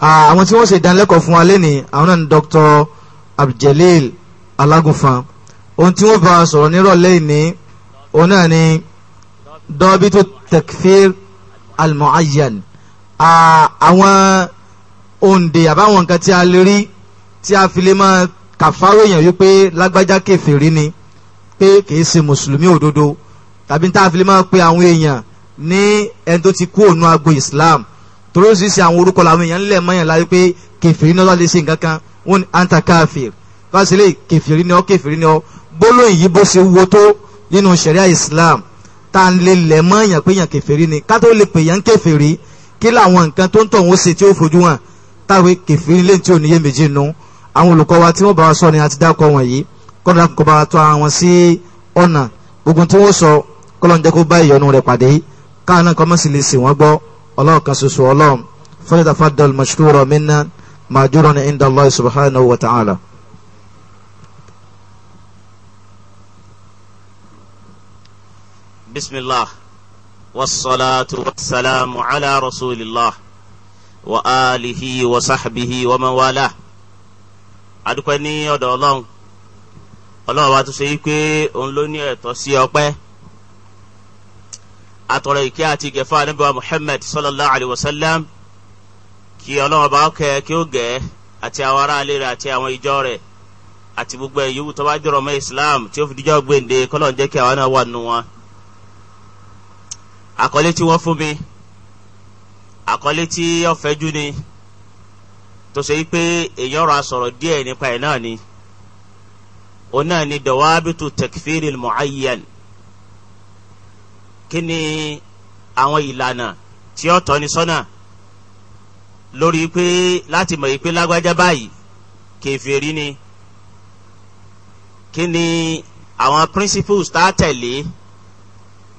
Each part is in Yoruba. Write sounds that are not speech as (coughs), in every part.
àwọn tí wọ́n ṣe ìdánilẹ́kọ̀ọ́ fún wa lẹ́nìí àwọn náà ni Dr. Abduljalil Alágúnfan ohun tí wọ́n bá a sọ̀rọ̀ nírọ̀lẹ́ ìní òun náà ni dọ́bítù tekfir almuayyan àwọn òǹdè àbáwọn nǹkan tí a lè rí tí a fi lè máa kàfáró èèyàn yìí pé lágbájá kèfèrí ni pé kìí ṣe mùsùlùmí òdodo tàbí tá a fi lè máa pe àwọn èèyàn ní ẹni tó ti kú òun agbo Islam torí oṣiṣi àwọn orúkọ làwọn èèyàn ńlẹ̀ mọ́yàn láyé pé kẹfìrí náà lè ṣe nǹkan kan wọ́n ní anta káfíìr fásilẹ̀ kẹfìrí ni ọ́ kẹfìrí ni ọ́ gbólóhùn yìí bó ṣe wo tó nínú sẹ̀ríà Islam tá à ń lè lẹ̀ mọ́yàn pé yàn kẹfìrí ni ká tó lè pè yàn kẹfìrí kí làwọn nǹkan tó ń tọ̀ wọ́n ṣe tí ó fojú hàn táwọn kẹfìrí lè tí ò níyé méjì nù àwọn olùkọ́ wa tí wọ́n bá wa sọ ni àti dákọ̀ wọ̀n yìí kọ́ńdà ọlọ́run kan ṣoṣo ọlọ́run falyatafaddal mashkura minna ma'juran inda Allah subhanahu wa ta'ala. bismillah wasalaatu wasalaamu ala rasulillah wa alihi wa sahbihi wa man wala adúpẹ́ ní ọ̀dọ̀ ọlọ́run wa tún ṣe yí pé òun ló ní ẹ̀tọ́ sí ọpẹ́ atọrọ ìkẹ́ àti ìgẹ̀fà anábìwá Muhammad sallallahu alayhi wa sallam kí ọlọ́run bá kẹ́ kí ó gẹ̀ àti àwọn ará ilé rẹ̀ àti àwọn ìjọ rẹ̀ àti gbogbo ẹ̀yìn yòówù tó bá jọrọ mọ́ Islam tí ó fi díjọ́ gbèǹde kọ́lọ́n jẹ́ kí àwọn náà wà nù wọn. àkọlé tí wọ́n fún mi àkọlé tí ọ̀fẹ́jú ni tó ṣe pé èèyàn ra sọ̀rọ̀ díẹ̀ nípa ẹ̀ náà ni òun náà ni dawabitu takfiril muayyan kí ni àwọn ìlànà tí ó tọ́ ni sọ́nà lórí pé láti mọ̀ yìí pé lágbájá báyìí kèfèrí ni kí ni àwọn principles tá a tẹ̀lé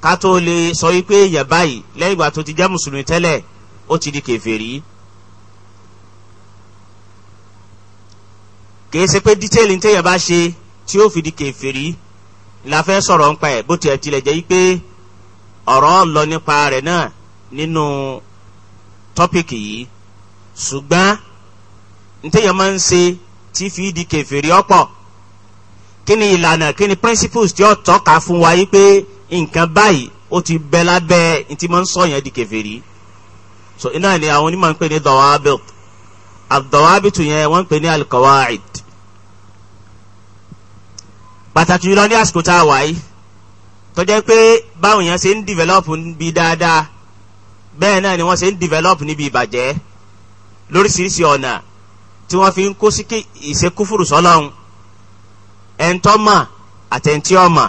ká tó lè sọ wípé èèyàn báyìí lẹ́yìn ìgbà tó ti jẹ́ mùsùlùmí tẹ́lẹ̀ ó ti di kèfèrí. kìí ṣe pé dítẹ́ẹ̀lì téèyàn bá ṣe tí ó fi di kèfèrí la fẹ́ sọ̀rọ̀ nípa ẹ̀ bó tiẹ̀ tilẹ̀ jẹ́ wípé ọ̀rọ̀ lọ nípa rẹ̀ náà nínú tọ́pìkì yìí ṣùgbọ́n ntẹ́yẹ máa ń ṣe tí fi di kẹfìrí ọ̀pọ̀ kí ni ìlànà kí ni principles tí ó tọ́ka fún wa yìí pé nǹkan báyìí ó ti bẹ lábẹ́ ntí máa ń sọ yẹn di kẹfìrí so iná ni àwọn onímọ̀ ń pè ní dọ̀wábìt àdọ̀wábìtù yẹn wọ́n ń pè ní alkawaid pàtàkì jùlọ ní àsìkò tá a wà tó jẹ́ pé báwọn èèyàn ṣe ń develop níbi dáadáa bẹ́ẹ̀ náà ni wọ́n ṣe ń develop níbi ìbàjẹ́ lóríṣiríṣi ọ̀nà tí wọ́n fi ń kó sí ìṣekúfùrù sọ́lọ́hún ẹ̀ńtọ́mà àtẹ̀ntíọ́mà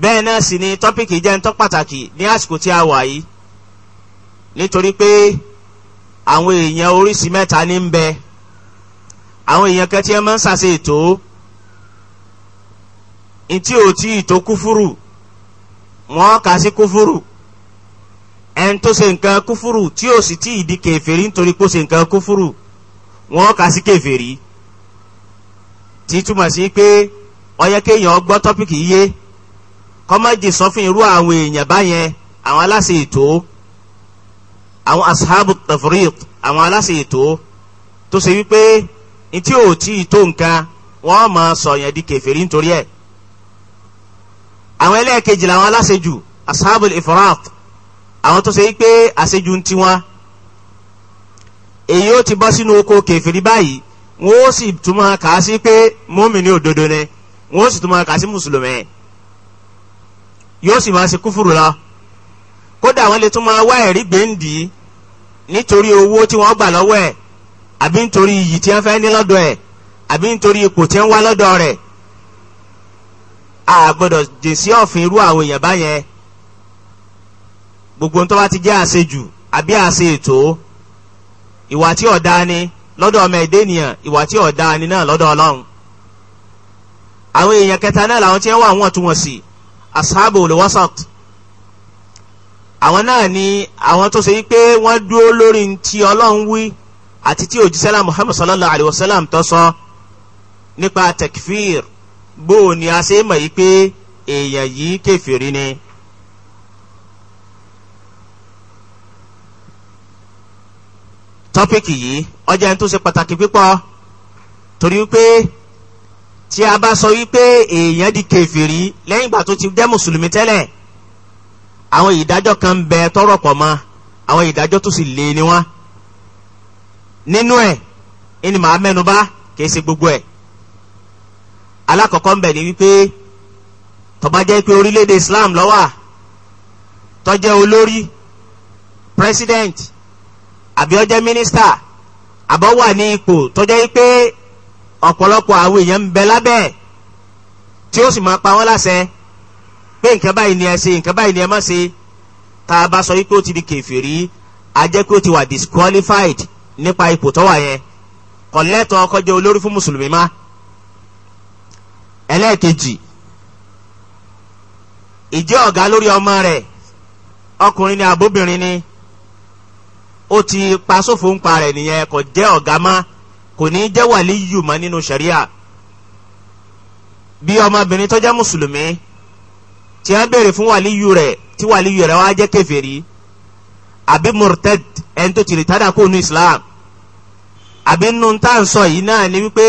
bẹ́ẹ̀ náà sì ni tọ́pìkì jẹ́ ńtọ́ pàtàkì ní àsìkò tí a wà yìí nítorí pé àwọn èèyàn oríṣi mẹ́ta ní ń bẹ àwọn èèyàn kan tí máa ń ṣàṣe ètò ntí o tí ìtò kúfúrú wọ́n kà sí kúfúrú ẹni tó ṣe nǹkan kúfúrú tí o sì tí ì di kèfèrí nítorí kó ṣe nǹkan kúfúrú wọ́n kà sí kèfèrí tí túmọ̀ sí pé ó yẹ kéèyàn gbọ́ tọ́pìkì yé kọ́mọ́jì sọ fún irú àwọn èèyàn báyẹn àwọn aláṣẹ ètò àwọn asahabu tafrit àwọn aláṣẹ ètò tó ṣe wípé ntí o tí ì tó di kèfèrí nítorí ẹ̀ àwọn ẹlẹ́ẹ̀kejì làwọn aláṣejù ashabul ifrat àwọn tó ṣe yí pé àṣejù ń tiwọn èyí ó ti bọ́ sínú oko kèfèrí báyìí wọ́n ó sì tún kà á sí pé mọ́mìnì òdodo ni wọ́n ó sì tún máa kà á sí mùsùlùmí yóò sì máa ṣe kúfùrù lọ kódà wọ́n lè tún máa wá ẹ̀rí gbèǹdì nítorí owó tí wọ́n gbà lọ́wọ́ ẹ̀ àbí nítorí iyì tí wọ́n fẹ́ ní lọ́dọ̀ ẹ̀ àbí nítorí ipò tí wọ́n wá lọ́dọ̀ rẹ̀ a gbọ́dọ̀ jìn sí ọ̀fìn irú àwọn èèyàn báyẹn gbogbo ń tó bá ti jẹ́ àṣejù àbí àṣe ètò ìwà tí ọ̀dá ni lọ́dọ̀ ọmọ ẹ̀dẹ́ ènìyàn ìwà tí ọ̀dá ni náà lọ́dọ̀ ọlọ́run àwọn èèyàn kẹta náà làwọn tí wọ́n wà wọ́n tún wọ́n sí asáàbò olùwọ́sọ̀t àwọn náà ni àwọn tó ṣe yí pé wọ́n dúró lórí ti ọlọ́run wí àti tí òjísẹ́lá muhammad sallallahu alayhi wa sallam tó sọ nípa tekfir bó o ní a ṣe mọ̀ yìí pé èèyàn yìí kèfèrí ni. tọ́pìkì yìí ọjà ń tó ṣe pàtàkì pípọ̀ torí pé tí a bá sọ wípé èèyàn di kèfèrí lẹ́yìn ìgbà tó ti jẹ́ mùsùlùmí tẹ́lẹ̀ àwọn ìdájọ́ kan bẹ tọrọ pọ̀ mọ́ àwọn ìdájọ́ tó sì lé ni wọ́n nínú ẹ̀ ẹni màá mẹ́nu bà kìí ṣe gbogbo ẹ̀. alákọ̀ọ́kọ́ ń bẹ̀ ni wípé tó bá jẹ́ pé orílẹ̀-èdè Islam ló wà tó olórí president àbí minister àbọ̀ wà ní ipò tó jẹ́ pé ọ̀pọ̀lọpọ̀ àwọn èèyàn ń bẹ lábẹ́ tí ó sì máa pa wọ́n láṣẹ pé nǹkan báyìí ni ẹ ṣe nǹkan báyìí ni ẹ má ṣe tá a bá sọ wípé ó ti di kèfèrí a jẹ́ pé ó ti wà disqualified nípa ipò tó wà yẹn kò lẹ́tọ̀ọ́ kó jẹ́ olórí fún mùsùlùmí máa ẹlẹ́ẹ̀kejì ìjẹ́ ọ̀gá lórí ọmọ rẹ̀ ọkùnrin ni àbóbìnrin ni ó ti pa sófo ń pa rẹ̀ nìyẹn kò jẹ́ ọ̀gá mọ́ kò ní í jẹ́ wàlíyù mọ́ nínú ṣẹ̀ríà bí ọmọbìnrin tó jẹ́ mùsùlùmí tí wọ́n béèrè fún wàlíyù rẹ̀ tí wàlíyù rẹ̀ wá jẹ́ kèfèrí àbí murtad ẹni tó ti rìtádà kó nu islam àbí nu tá à ń sọ yìí náà ni wípé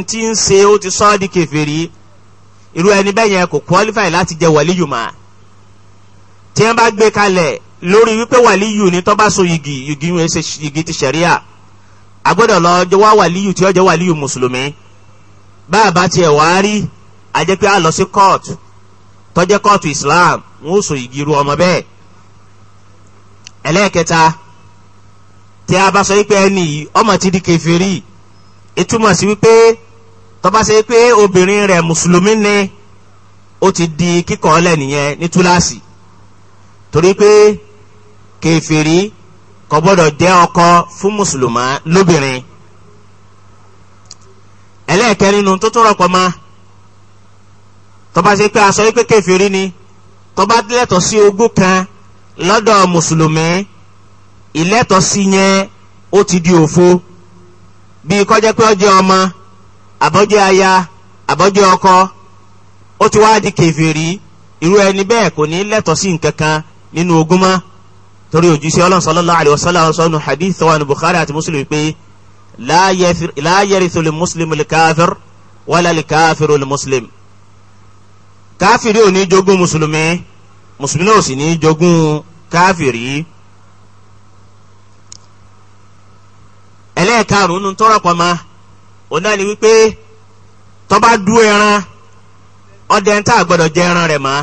ntí ń ṣe ó ti sọ ọ́ di kèfèrí irú ẹni bẹ́ẹ̀ yẹn kò qualify láti jẹ wàlíyù mà tí wọ́n bá gbé kalẹ̀ lórí wípé wàlíyù ni tó bá so yìgì yìgì yìí ṣe yìgì ti ṣẹ̀ríà agbọ́dọ̀ lọ jọ wá wàlíyù tí ó jẹ́ wàlíyù mùsùlùmí bá bá tiẹ̀ wá rí ajẹ́ pé a lọ sí kóòtù tó jẹ́ Islam wọ́n ó so yìgì irú ọmọ bẹ́ẹ̀ ẹlẹ́ẹ̀kẹta tí a bá sọ wípé ẹni ọmọ ti di kèfèrí ìtumọ̀ sí wípé tó bá ṣe pé obìnrin rẹ̀ mùsùlùmí ni ó ti di kíkọ̀ lẹ̀ nìyẹn ní túláàsì torí pé kèfèrí kò gbọ́dọ̀ jẹ́ ọkọ fún mùsùlùmá lóbìnrin ẹlẹ́ẹ̀kẹ́ nínú tó tún rọ̀pọ̀ ma tó bá ṣe pé aṣọ wípé kèfèrí ni tó lẹ́tọ̀ sí ogún kan lọ́dọ̀ mùsùlùmí ìlẹ́tọ̀ sí yẹn ó ti di òfo bí kó pé ó jẹ́ ọmọ àbọ́jẹ́ aya àbọ́jẹ́ ọkọ ó ti wá di kèfèrí irú ẹni bẹ́ẹ̀ kò ní lẹ́tọ̀ọ́ sí nǹkan kan nínú ogún mọ́ torí òjíṣẹ́ Ọlọ́run sallallahu alaihi wasallam sọ́nu hadith tọ́wọ́n Bukhari àti Muslim pé la yarithu lil muslim lil kafir wala lil kafiru lil muslim káfìrí ò ní jogún mùsùlùmí mùsùlùmí ò sì ní jogún káfìrí. ẹlẹ́ẹ̀karùn-ún tọ́rọ̀ pọ̀ máa òun ni wípé tó bá dú ẹran ọdẹ ń tà gbọ́dọ̀ jẹ ẹran rẹ̀ mọ́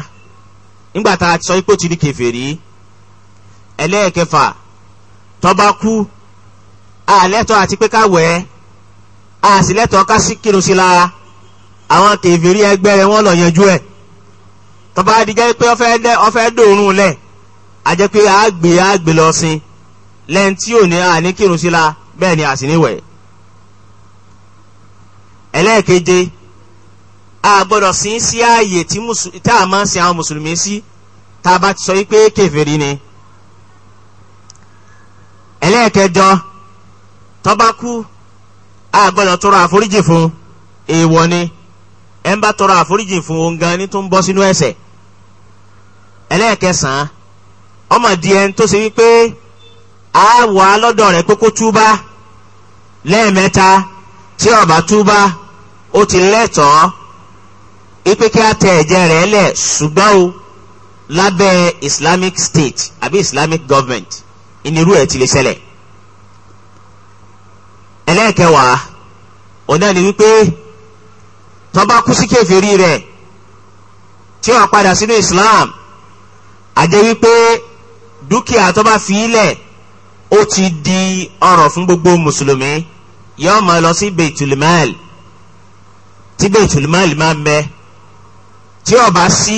nígbà tá a sọ ipò tí ní kèfèrí ẹlẹ́ẹ̀kẹfà tó bá kú àlẹ́tọ̀ àti pé ká wẹ̀ ẹ́ àsìlẹ́tọ̀ ká sí kírun sí lára àwọn kèfèrí ẹgbẹ́ rẹ̀ wọ́n lọ yanjú ẹ̀ tó bá adijẹ́ pé ọfẹ́ dẹ́ ọfẹ́ dòórùn lẹ̀ àjẹ́ lọ sin lẹ́yìn tí ò ní àní kírun sí la bẹ́ẹ̀ ni àsìníwẹ̀ẹ́. ẹlẹ́ẹ̀keje a gbọ́dọ̀ sin sí ààyè tí a máa ń sin àwọn mùsùlùmí sí tá a bá sọ ni ẹlẹ́ẹ̀kẹjọ kú a gbọ́dọ̀ tọrọ àforíjì fún èèwọ̀ ni ẹ ń bá tọrọ àforíjì fún òun ni tó ń bọ́ sínú ẹ̀ṣẹ̀ ẹlẹ́ẹ̀kẹsàn-án ọmọ díẹ̀ tó ṣe wípé a wà á lọ́dọ̀ rẹ̀ kókó túbá tí túbá. ó ti lẹ́tọ̀ọ́ ipe kí a tẹ ẹ̀jẹ̀ rẹ̀ lẹ̀ ṣùgbọ́n o lábẹ́ islamic state àbí islamic government ìnirú ẹ̀ ti lè ṣẹlẹ̀ ẹlẹ́ẹ̀kẹwàá ọ̀nà ni wípé tó bá kú sí kèfèrí rẹ̀ tí ó padà sínú islam àjẹ́ wípé dúkìá tó bá fi ilẹ̀ ó ti di ọrọ̀ fún gbogbo mùsùlùmí yóò máa lọ sí beitul mal tí bẹ́tùlmáàlì máa ń bẹ tí ó bá sí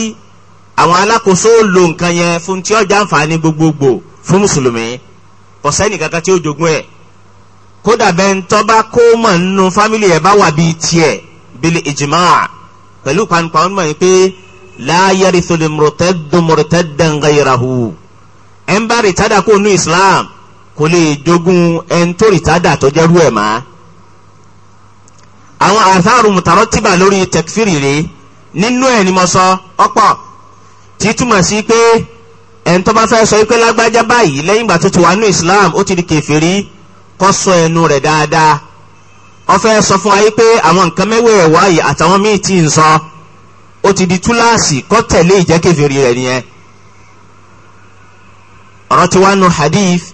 àwọn alákòóso lo nǹkan yẹn fún tí ó jàǹfààní gbogbogbò fún mùsùlùmí kò sẹ́ni kankan tí ó jogún ẹ̀ kódà bẹ́ẹ̀ ń tọ́ba kó mọ̀ nínú fámìlì ẹ̀ bá wà bíi tiẹ̀ bíi ìjìmá pẹ̀lú panupa wọn mọ̀ pé láyẹ̀rì tó lè mọ̀rọ̀tẹ́dùn mọ̀rọ̀tẹ́dùn ghayrahu ẹ̀ ń bá rìtádà kó nu Islam kò lè jogún ẹ̀ ń tó rìtádà tó jẹ́rú ẹ̀ máa àwọn àtàrù mùtàrọ́tìbà lórí tẹkfírì rèé nínú ẹ̀ ni mo sọ ọ̀pọ̀ tí túmọ̀ sí pé ẹni tó bá fẹ́ sọ pé lágbájá báyìí lẹ́yìn ìgbà tó ti wà nínú Islam ó ti di kèfèrí kó sọ ẹnu rẹ̀ dáadáa ó fẹ́ sọ fún ayé pé àwọn nǹkan mẹ́wẹ̀ẹ́ wáyé àtàwọn míì tí ń sọ ó ti di túláàsì kó tẹ̀lé ìjẹ́ kèfèrí rẹ̀ nìyẹn ọ̀rọ̀ tí wàá nu hadith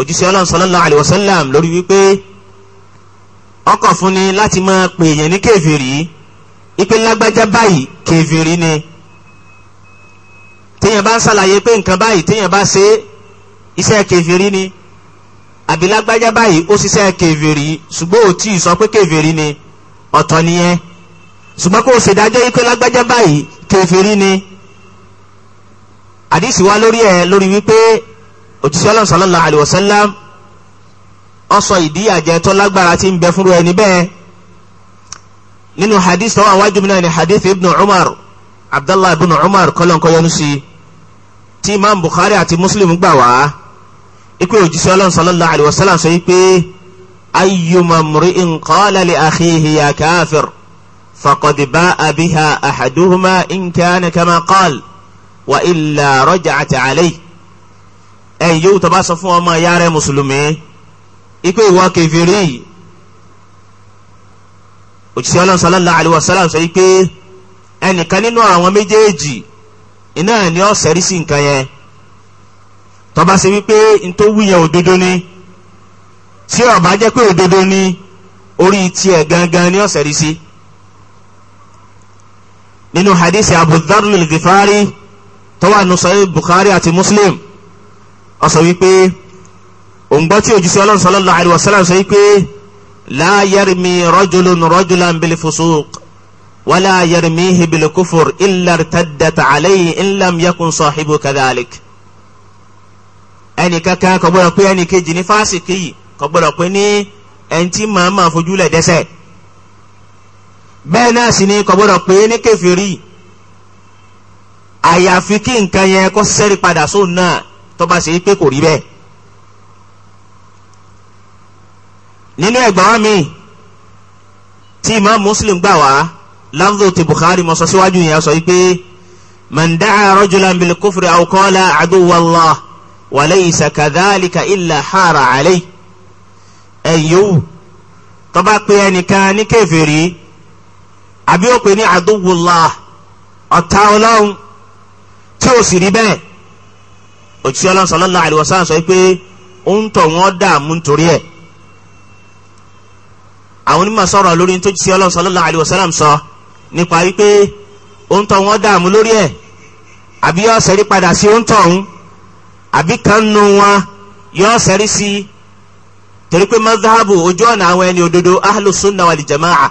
òjíṣẹ́ ọlọ́run sallallahu alayhi wa sallam lórí wípé ọkàn fún ni láti máa pè èèyàn ní kèfèrí ipe lágbájá báyìí kèfèrí ni téèyàn bá ń ṣàlàyé pé nǹkan báyìí téèyàn bá ṣe iṣẹ́ kèfèrí ni àbí lágbájá báyìí ó ṣiṣẹ́ kèfèrí ṣùgbọ́n ò tí ì sọ pé kèfèrí ni ọ̀tọ̀ nìyẹn ṣùgbọ́n kó ṣèdájọ́ ipe lágbájá báyìí kèfèrí ni àdìsí wa lórí ẹ̀ lórí wípé òjíṣẹ́ ọlọ́run sallallahu alaihi ọsọ ìdíyàjẹ tó lágbára tí ń bẹ fúnru ẹni bẹ́ẹ̀ nínú hadith tó wà wájú mi náà ni hadith ibn umar abdallah ibn umar kọlọ́nkọ yẹnu sí tí imam bukhari àti muslim gbà wá ikú òjíṣẹ́ ọlọ́run sallallahu alayhi wa sallam sọ yìí pé ayyuma mri'in qala li akhihi ya kafir faqad ba'a biha ahaduhuma in kana kama qala wa yóò tó bá sọ fún ọmọ ìyá mùsùlùmí ipe ìwọ kẹfìrí yìí òjíṣẹ́ ọlọ́run sallallahu alaihi wasallam sọ pé ẹnìkan nínú àwọn méjèèjì iná ẹ̀ ní ọ̀sẹ̀ rí sí nǹkan yẹn tó bá ṣe wípé ntòwú yẹn òdodo ni tí ó jẹ́ pé òdodo ni orí tiẹ̀ gangan ní ọ̀sẹ̀ rí sí. nínú hadith Abu Dharr al-Ghifari tó Bukhari àti Muslim ó wípé òǹgbọ́ tí òjíṣẹ́ ọlọ́run sallallahu alaihi wasallam sọ pé la yarmi rajulun rajulan bil fusuq wala yarmihi bil kufur illa irtaddat alayhi in lam yakun sahibu kadhalik. ẹnì kankan kò gbọdọ̀ pé ẹnì kejì ní fásìkì yìí kò gbọdọ̀ pé ní ẹni tí màá máa bẹ́ẹ̀ náà sì ni kò pé ní kèfèrí àyàfi kí nǹkan yẹn kó ṣẹ́rí padà sóun náà tó bá pé kò rí bẹ́ẹ̀. nínú ẹgbàá mi tí imam muslim gbà wá lafdhu ti bukhari mọ sọ síwájú yẹn sọ pé man da'a rajulan bil kufri aw qala aduwallah wa laysa kadhalika illa hara alayhi ẹ̀yọ́wù tó bá pe ẹnìkan ní kèfèrí àbí ó pe ní aduwallah ọ̀tá ọlọ́run tí ó sì rí bẹ́ẹ̀ òtítọ́ ọlọ́run sallallahu alaihi sọ pé ó ń tọ̀ wọ́n dààmú nítorí ẹ̀ àwọn onímọ̀ sọ̀rọ̀ lórí tó ti ọlọ́run sallallahu alaihi wasallam sọ nípa wípé ohun tó wọn dààmú lórí ẹ̀ àbí yọ sẹ́rí padà sí ohun tó ń àbí kan nu wọn yọ sẹ́rí sí torí pé madhabu ojú ọ̀nà àwọn ẹni òdodo ahlu sunna wal jama'a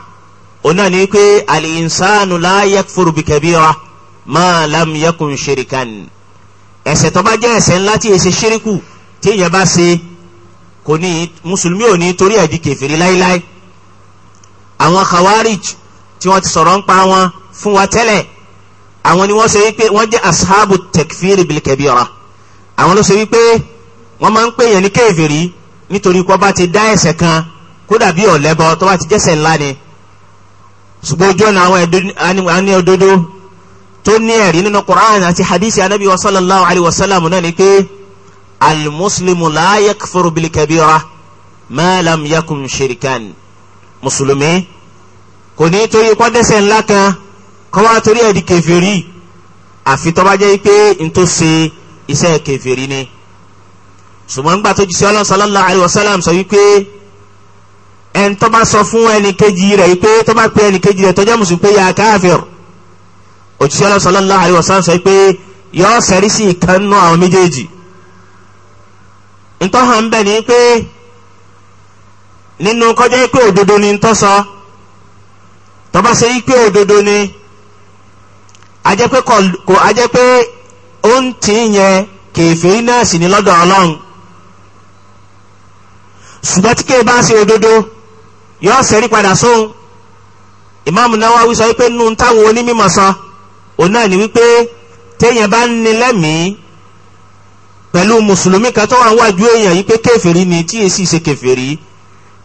ọ̀nà ni pé al-insanu la yakfuru bi kabira ma lam yakun shirikan ẹ̀ṣẹ̀ tó bá jẹ́ ẹ̀ṣẹ̀ ńlá tí èsè ṣíríkù tí èèyàn bá ṣe kò ní mùsùlùmí ò ní torí ẹ̀ di kèfèrí láíláí àwọn khawarij tí wọ́n ti sọ̀rọ̀ ń pa wọn fún wa tẹ́lẹ̀ àwọn ni wọ́n ṣe wípé wọ́n jẹ́ ashabu tekfiri bilkebira àwọn ló ṣe wípé wọ́n máa ń pè yẹn ní kéèfèrí nítorí kó bá ti dá ẹ̀ṣẹ̀ kan kódà bí ọ̀lẹ́bọ tó bá ti jẹ́ṣẹ̀ ńlá ni ṣùgbọ́n ojú ọ̀nà àwọn àní òdodo tó ní ẹ̀rí nínú Qur'an àti hadisi anabi wa sallallahu alayhi wa sallam náà ni pé al-muslimu la yakfuru bilkebira yakun shirikan mùsùlùmí kò ní torí pọ́dẹ́sẹ̀ ńlá kan kọ́ wá torí ẹ̀ di kèfèrí àfi tó bá jẹ́ pé n tó ṣe iṣẹ́ kèfèrí ni ṣùgbọ́n gbà tó jíṣẹ́ ọlọ́run sallallahu alayhi wa sallam sọ wípé ẹn tó bá sọ fún ẹnìkejì rẹ̀ wípé tó bá pe ẹnìkejì rẹ̀ tó jẹ́ mùsùlùmí pé ya káfíìr òjíṣẹ́ ọlọ́run sallallahu alayhi wa sọ wípé yọ sẹ́rí sí ìkànnú àwọn méjèèjì ntọ́hàn bẹ́ẹ̀ ni pé nínú kọjá pé òdodo ni ń tọ́sọ tọ́ba ṣe pé òdodo ni ajẹ́ pé kò ajẹ́ pé ó ń tì í yẹn kèfèrí náà sì ní lọ́dọ̀ ọlọ́run ṣùgbọ́n tí kéè bá ṣe òdodo yóò ṣẹ́rí padà sóhun ìmáàmù Nawawi sọ wípé nínú táwọn onímọ̀ sọ òun náà ni wípé téèyàn bá ń ní lẹ́mìí pẹ̀lú mùsùlùmí kan tó wà ń wájú èèyàn yìí pé kèfèrí ni tí èsì ṣe kèfèrí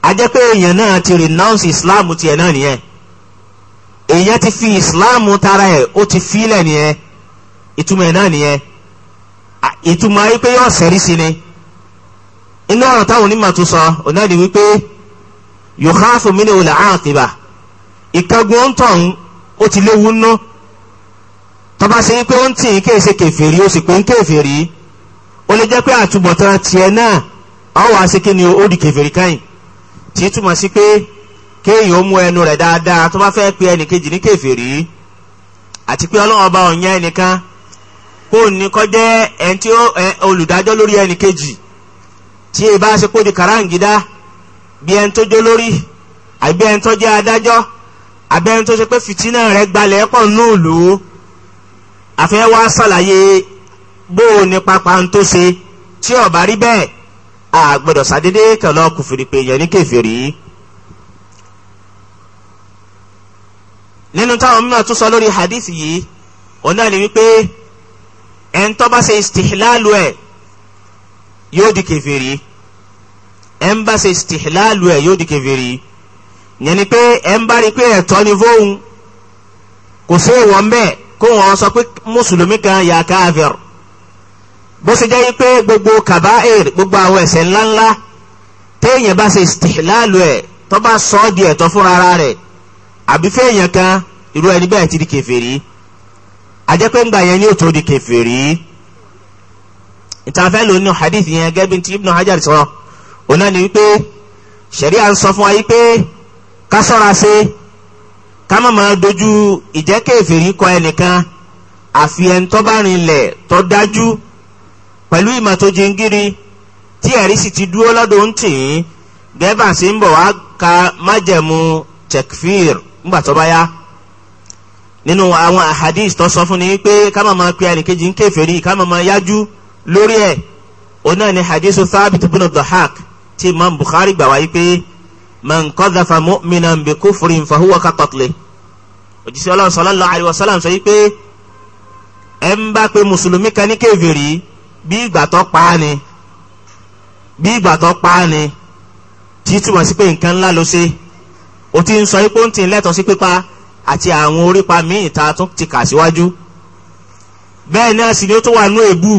ajẹ́ pé èèyàn náà ti renounce islam tiẹ̀ náà nìyẹn èèyàn ti fi islam tara ẹ̀ ó ti filẹ̀ nìyẹn ìtumọ̀ ẹ̀ náà nìyẹn ìtumọ̀ ayé pé yóò sẹ́rí sí ni inú ọ̀rọ̀ táwọn onímọ̀ tún sọ ọ̀nà ni wípé yòókàfù mi ni olè àkìbà ìkángun ọ̀ntàn ó ti léwu nú tọ́ba ṣe wípé ó ń tì í kéèṣe kèfèrí ó sì pé ń kèfèrí ó lè jẹ́ pé àtúbọ̀tán tiẹ̀ náà ọ̀ wá sí kí ni ó di kèfèrí káyìn tí túmọ̀ sí pé kéèyàn ó mú ẹnu rẹ̀ dáadáa tó bá fẹ́ pe ẹnìkejì ní kèfèrí àti pé ọlọ́run ọba ọ̀yàn ẹnìkan kó ní kó jẹ́ ẹni tí olùdájọ́ lórí ẹnìkejì tí ì e bá ṣe kó di kàráǹgídá bí ẹni tó jó lórí àbí ẹni tó jẹ́ adájọ́ àbí ẹni tó ṣe pé fìtínà rẹ̀ gbalẹ̀ pọ̀ nùlù àfẹ́ wá bó o ní pàpà ń tó ṣe tí ó rí bẹ́ẹ̀ àgbẹ̀dọ̀ sàdédé kan lọ kùfìrí pé ní kèfèrí. nínú táwọn mímọ́ tún sọ lórí hadith yìí òun náà ni wípé ẹn tó bá ṣe istihlalu ẹ̀ yóò di kèfèrí ẹn bá ṣe istihlalu ẹ̀ yóò di kèfèrí yẹn ni pé ẹn bá rí pé ẹ̀tọ́ ni fóun kò sí ìwọ̀n bẹ́ẹ̀ kó wọn sọ pé mùsùlùmí kan yà káfíìr bó ṣe jẹ́ pé gbogbo kàbáìr gbogbo àwọn ẹ̀ṣẹ̀ ńláńlá téèyàn bá ṣe istihlalu ẹ̀ tó bá sọ ọ́ di ẹ̀tọ́ fún ara rẹ̀ àbí fẹ́ẹ̀yàn kan irú ẹni bẹ́ẹ̀ ti di kèfèrí àjẹpẹ́ ńgbà yẹn ni ó tó di kèfèrí ìtànfẹ́ ló ní hadith yẹn gẹ́bí tí Ibn Hajar sọ ọ̀nà ni wípé ṣẹ̀ríà ń sọ fún wa wípé ká sọ́ra ṣe ká má máa dojú ìjẹ́ kọ ẹnìkan àfi ẹni tó bá rinlẹ̀ tó dájú pẹ̀lú ìmọ̀ tó jingiri tí ẹ̀rí sì ti dúró lọ́dọ̀ tì í gẹ́bà sí ń bọ̀ wá ka májẹ̀mú tekfir ńgbà tó bá yá nínú àwọn ahadis tó sọ fún ni pé ká má máa pe ẹnìkejì ń kèfèrí ká má máa yájú lórí ẹ̀ òun náà ni hadisu thabit bin dhahak tí imam buhari gbà wáyé pé man qadhafa mu'minan bi kufrin fa huwa kaqatli òjíṣẹ́ ọlọ́run sallallahu alaihi wasallam sọ yí pé ẹ ń bá pe mùsùlùmí kan ní kèfèrí bí ìgbà tó pa á ni bí ìgbà tó pa á ni tí túmọ̀ sí pé nǹkan ńlá ló ṣe o ti ń sọ ipò ń tì lẹ́tọ̀ọ́ sí pípa àti àwọn orípa míì tá a tún ti kà síwájú bẹ́ẹ̀ náà sì ni ó tún wà nú èbú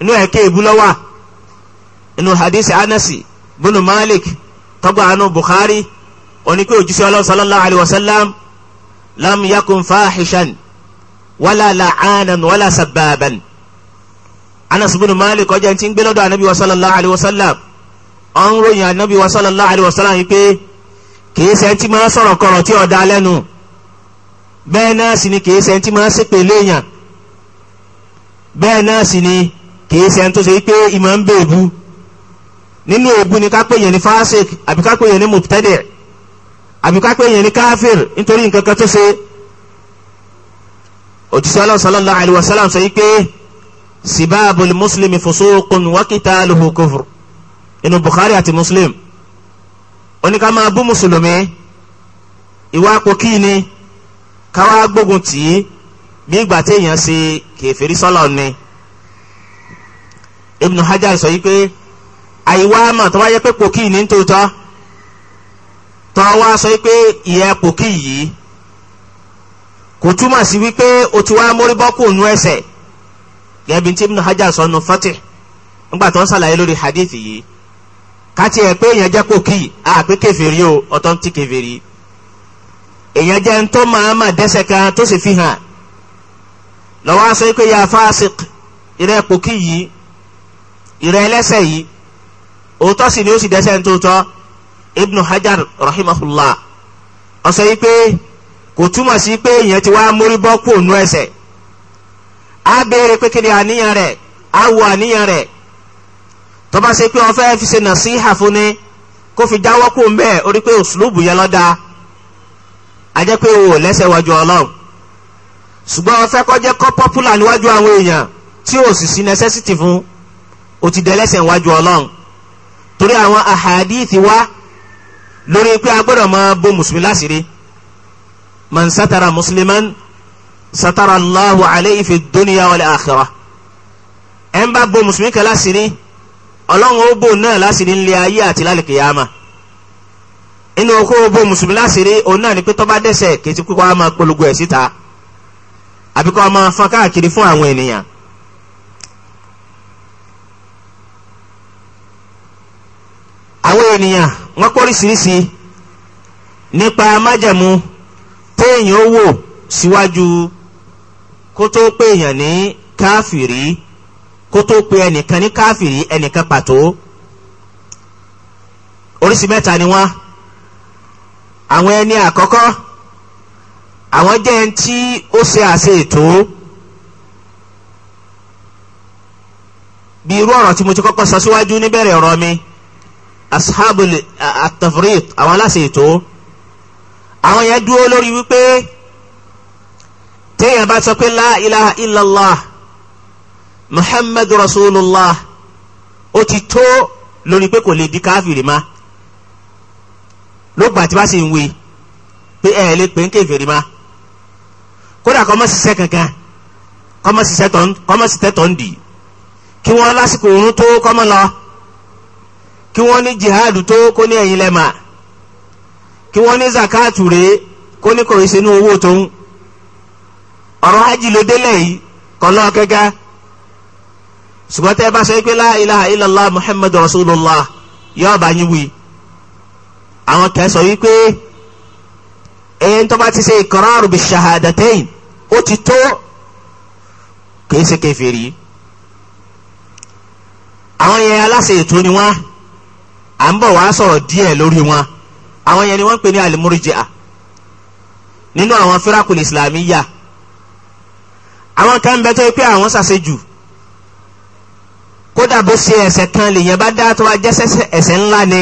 inú ẹ̀kẹ́ èbú lọ́wà inú hadith anasi bunu malik tọ́gbà àánú bukhari oní pé ọlọ́run sallallahu alayhi wa sallam lam yakun fahishan wala la'anan wala sababan. Anas bin Malik kọjá ti ń gbé lọ́dọ̀ anabi wa sallallahu alayhi wa sallam ọ̀n ròyìn anabi wa sallallahu alayhi wa sallam yìí pé kìí sẹ́ńtì máa sọ̀rọ̀ kọ̀rọ̀ tí ọ̀dà lẹ́nu bẹ́ẹ̀ náà sì ni kìí sẹ́ńtì máa ṣépè léèyàn bẹ́ẹ̀ náà sì ni kìí sẹ́ńtì tó ṣe pé ìmọ̀ ń bèèbu nínú èébú ni ká pè yẹn ní fásik àbí ká pè yẹn ní mùtẹ́dẹ̀ àbí ká pè yẹn ní káfíìr nítorí nǹkan kan sallallahu alayhi wa sallam sọ yìí pé sibaabu muslim fusuqun wa kitaaluhu kufur inú bukhari àti muslim oni ká máa bú iwa kokiini kòkí ni ká wá gbógun tì í bí ìgbà téèyàn ni ibnu hajar sọ yìí pé àìwá àmọ̀ tó wáyé pé kòkí ni nítòótọ́ tó wá sọ yìí pé ìyẹn kòkí yìí kò túmọ̀ sí wípé o ti wá mórí bọ́kùnù ẹsẹ̀ gẹ́bí tí ibùdó hajj sọnù fatih nígbà tó ń sàlàyé lórí hadith yìí kátì ẹ̀ pé èèyàn jẹ́ kókì àpé kèfèrí o ọ̀tọ̀ ń ti kèfèrí èèyàn jẹ́ ń tó máa ma dẹ́sẹ̀ kan tó sì fi hàn lọ́wọ́ aṣọ pé ya fásik ìrẹ́ kókì yìí ìrẹ́ ẹlẹ́sẹ̀ yìí òótọ́ sì ni ó sì dẹ́sẹ̀ ń tóótọ́ ibnu hajar rahimahullah yìí pé kò túmọ̀ sí pé èèyàn ti wá mórí bọ́ kó nú ẹsẹ̀ a béèrè pé kí ni àníyàn rẹ̀ á wo àníyàn rẹ̀ tó bá ṣe pé ó fi ṣe nàṣíhà ni kó fi kó ń bẹ́ẹ̀ orí pé òṣùlùbù yẹn lọ́dà jẹ́ pé o lẹ́sẹ̀ wájú ọlọ́run ṣùgbọ́n ó pọ́pùlà níwájú tí o sì sí necessity fún o ti dẹ́lẹ́sẹ̀ wájú ọlọ́run torí àwọn àhàdíìtì wá lórí pé a gbọ́dọ̀ máa bo satara allahu alayhi fi dunya wal akhirah ẹn bá bo mùsùlùmí kan láṣìírí ọlọ́run ó bò náà láṣìírí ńlẹ̀ ayé àti lálẹ́ kìyàmà inú okó ó bò mùsùlùmí láṣìírí òun náà ni pé tó bá dẹ́ṣẹ̀ kìtì kó a máa polongo ẹ̀ síta àbí kó a máa fọn káàkiri fún àwọn ènìyàn. àwọn ènìyàn wọ́n pọ̀ oríṣiríṣi nípa májẹ̀mú téèyàn wò síwájú kó tó pé èèyàn ní káfìrí kó tó pé ẹnìkan ní káfìrí ẹnìkan pàtó oríṣi mẹ́ta ni wọ́n àwọn ẹni àkọ́kọ́ àwọn jẹ́ ẹni tí ó ṣe àṣe ètò bí irú ọ̀rọ̀ tí mo ti kọ́kọ́ sọ síwájú níbẹ̀rẹ̀ ọ̀rọ̀ mi ashabul atafrit àwọn aláṣẹ ètò àwọn yẹn dúró lórí wípé. téèyàn bá sọ pé la ilaha muhammadu ti tó lórí pé kò lè di káfìrì ma ló gbà tí sì ń wí pè ń ma kódà kọ́ mọ́ kankan kọ́ mọ́ ṣiṣẹ́ tó ń kí wọ́n lásìkò òun tó kọ́ mọ́ lọ kí wọ́n ní tó kó ní ẹ̀yìn lẹ́mà kí wọ́n ní zakatu kó ní ọ̀rọ̀ hajj ló délẹ̀ yìí kọ́ lọ́ọ́ kẹ́kẹ́ ṣùgbọ́n tẹ́ ẹ bá sọ pé la ilaha illallah muhammadu rasulullah yóò bá yín wí àwọn kẹ́ sọ wípé ẹ̀yin tó bá ti ṣe iqraru bi shahadatayn ó ti tó kìí ṣe kèfèrí àwọn yẹn aláṣẹ ètò ni wọ́n à ń bọ̀ wá sọ̀rọ̀ díẹ̀ lórí wọn àwọn yẹn ni wọ́n ń pè ní alimurji'a nínú àwọn firakul islamiyya àwọn kan bẹ tó yẹ pé àwọn ṣàṣejù kódà bó ṣe ẹ̀ṣẹ̀ kan lèèyàn bá dá tó wá jẹ́ ẹ̀ṣẹ̀ ńlá ni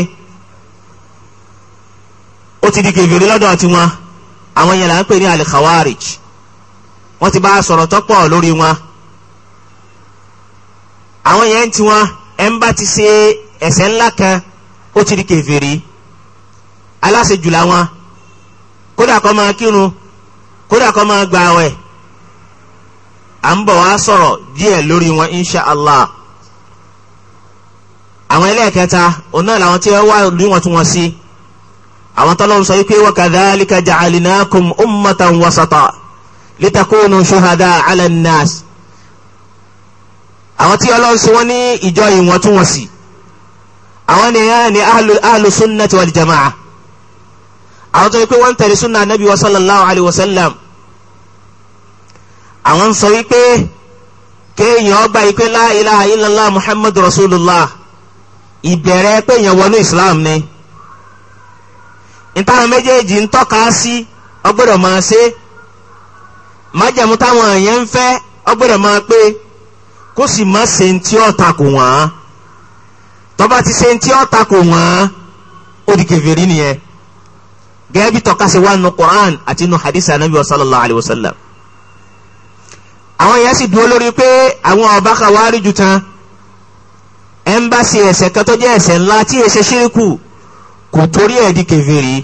ó ti di gègèrè lọ́dọ̀ tiwọn àwọn yẹn là ń pè ní alikawarij wọ́n ti bá a sọ̀rọ̀ tọ́pọ̀ lórí wọn àwọn yẹn tiwọn ẹ̀ ń bá ti ṣe ẹ̀ṣẹ̀ ńlá kan ó ti di kèfèrí aláṣejù làwọn kódà kó máa kírun kódà kó máa gbààwẹ̀ à ń bọ̀ wá sọ̀rọ̀ díẹ̀ lórí wọn insha allah àwọn ẹlẹ́ẹ̀kẹta òun náà làwọn tí wọ́n wá níwọ̀ntúnwọ̀nsí àwọn tọ́lọ́run sọ wípé wa kadhalika ja'alnakum ummatan wasata litakunu shuhada 'ala an-nas àwọn tí ọlọ́run sọ wọ́n ní ìjọ ìwọ̀ntúnwọ̀nsí àwọn nìyẹn ni ahlu sunnati wal jama'a àwọn tó yẹ pé wọ́n tẹ̀lé sunna anabi wa sallallahu alayhi wa sallam àwọn ń sọ wípé kéèyàn ọgbà yìí pé la muhammadu rasulullah ìbẹ̀rẹ̀ pé wọnú islam ni ìtàn méjèèjì ń tọ́ka sí ọgbọ́dọ̀ máa ṣe májẹ̀mú táwọn èèyàn ń fẹ́ ọgbọ́dọ̀ máa pé kó sì má ṣe ń tí wọ́n ti ṣe ń tí wọ́n nìyẹn gẹ́gẹ́ bí tọ́ka ṣe wà àwọn yẹn sì dúró lórí pé àwọn ọba kàwárí ju tán ẹmbásí ẹ̀ṣẹ̀ kan tó jẹ́ ẹ̀ṣẹ̀ ńlá tí èsè ṣíríkù kò torí ẹ̀ di kèfèrí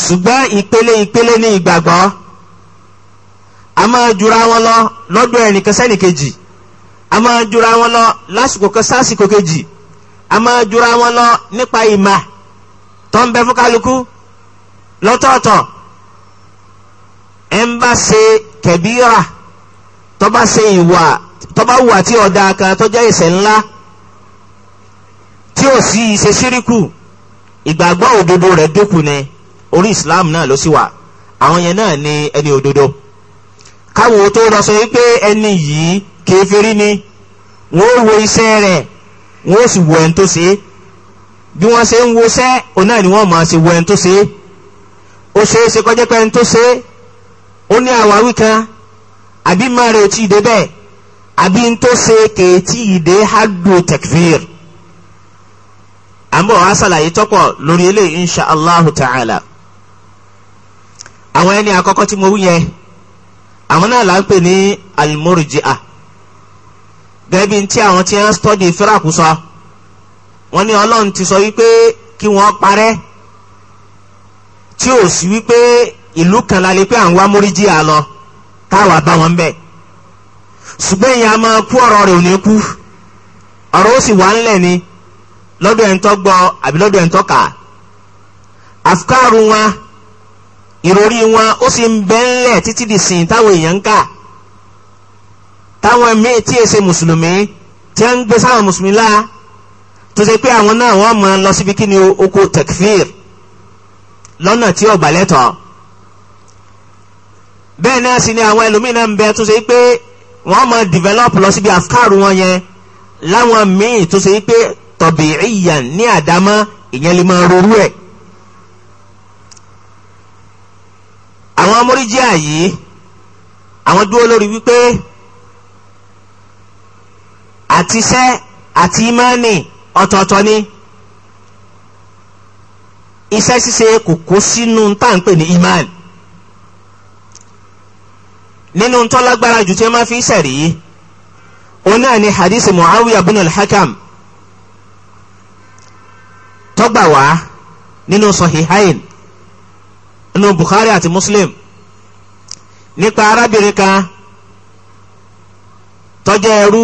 ṣùgbọ́n ìpele ìpele ní ìgbàgbọ́ a máa jura wọn lọ lọ́dọ̀ ẹnìkan sẹ́nìkejì a máa jura wọn lọ lásìkò kan sásìkò kejì a máa jura wọn lọ nípa ìmà tó ń bẹ fún kálukú lọ́tọ̀ọ̀tọ̀ ẹn se ṣe kẹbíra se iwa, ṣe ìwà tó bá wà tí ọ̀dà kan tó jẹ́ ẹ̀ṣẹ̀ ńlá tí ò sí ìṣe ìgbàgbọ́ òdodo rẹ̀ dókun ni orí islam náà ló sì wà àwọn yẹn náà ni ẹni òdodo káwọn tó lọ sọ wípé ẹni yìí kèfèrí ni wọ́n wo iṣẹ́ rẹ̀ wọ́n sì wo ẹni tó ṣe é bí wọ́n ṣe ń wo iṣẹ́ òun náà ni wọ́n máa ṣe wo ẹni tó ṣe é ó ṣeé ṣe kó pé ẹni tó ṣe é ó ní àwáwí kan àbí má rẹ̀ tí ì dé bẹ́ẹ̀ àbí n tó ṣe kéétì ìdè hadu takfir àmọ́ wàá ṣàlàyé tọ́pọ̀ lórí eléyìí insha allahu ta'ala àwọn ẹni àkọ́kọ́ tí mo wí yẹn àwọn náà là ń pè ní almurji'a gẹ́gẹ́ bí ti àwọn tí ń stọ́dì firaku sọ wọ́n ní ọlọ́run ti sọ wípé kí wọ́n parẹ́ tí ò sí wípé ìlú kan la lè pé à ń wá múríjìyà lọ táwa bá wọn bẹ̀ ṣùgbọ́n ìyá máa kú ọ̀rọ̀ rẹ̀ ò ní kú ọ̀rọ̀ ó sì ni lọ́dọ̀ ẹ̀ ń tọ́ gbọ́ àbí lọ́dọ̀ ẹ̀ ń tọ́ kà àfikàrù wọn ìròrí wọn ó sì ń bẹ ńlẹ̀ títí di sìn táwọn èèyàn ń kà táwọn míì tí èsè mùsùlùmí tí wọ́n ń gbé sáwọn mùsùlùmí láà tó ṣe pé àwọn náà wọ́n máa lọ síbi kí ni oko tekfir lọ́nà tí bẹ́ẹ̀ náà sì ni àwọn ẹlòmíì náà ń bẹ tó ṣe pé wọ́n mọ develop lọ síbi àfikàrù wọn yẹn láwọn míì tó ṣe pé tọ̀bì ìyàn ní àdámọ́ ìyẹn lè máa rorú ẹ̀. àwọn amóríjìá yìí àwọn dúró lórí wípé àtisẹ́ àti ìmánì ọ̀tọ̀ọ̀tọ̀ ni iṣẹ́ ṣíṣe kò kó sínú táǹpẹ̀ ní ìmánì nínú ntọ́lágbára jù tí wọ́n máa fi sẹ̀rí òun náà ni hadith muawiya bin al-hakam tọ́gbà wá nínú sahihain nínú bukhari àti muslim nípa arábìnrin kan tọ́jọ́ ẹrú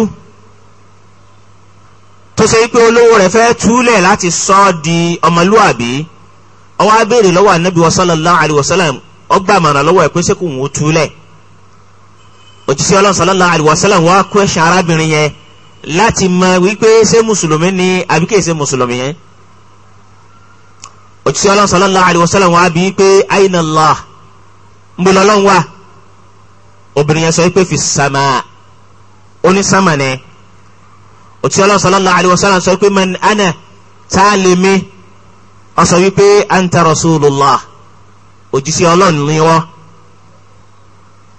tó ṣe pé olówó rẹ̀ fẹ́ túlẹ̀ láti sọ ọ́ di ọmọlúwàbí ó wá lọ́wọ́ anabi sallallahu alayhi wa sallam ó gba lọ́wọ́ ẹ̀ pé ṣé kò ń túlẹ̀ òtísí ọlọ́run sallallahu alaihi wasallam wá kú ẹ̀ṣẹ̀ arábìnrin yẹn láti mọ wípé ṣé mùsùlùmí ni àbí kìí ṣe mùsùlùmí yẹn òtísí ọlọ́run sallallahu alaihi wasallam wá bí pé aina Allah ńbọlọ́lọ́run wà obìnrin yẹn sọ pé fi sàmà onísàmà ni òtísí ọlọ́run sallallahu alaihi sọ pé man ana tálẹ̀mí ọ̀sọ̀ wípé anta rasulullah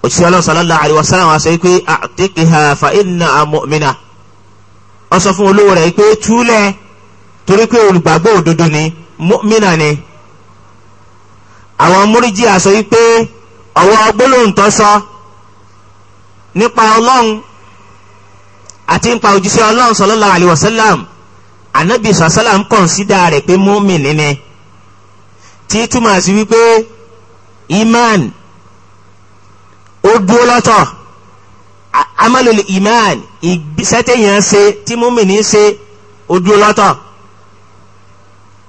òṣìṣẹ́ ọlọ́run sallallahu alaihi wasallam wá sọ pé àtẹ́kìhà fa inna mu'mina ó sọ fún olówó rẹ̀ pé túlẹ̀ torí pé olùgbàgbọ́ òdodo ni mu'mina ni àwọn múríjì àsọ yìí pé ọ̀wọ́ gbólóhùn sọ nípa ọlọ́run àti nípa òjíṣẹ́ ọlọ́run sallallahu alaihi wasallam anabi sàlám kọ̀nsídà rẹ̀ pé mu'mini ni tí túmọ̀ sí wípé iman ó dúró lọ́tọ̀ amalul iman ìgbésẹ́tẹ̀yàn ṣe tí múmìnì ṣe ó dúró lọ́tọ̀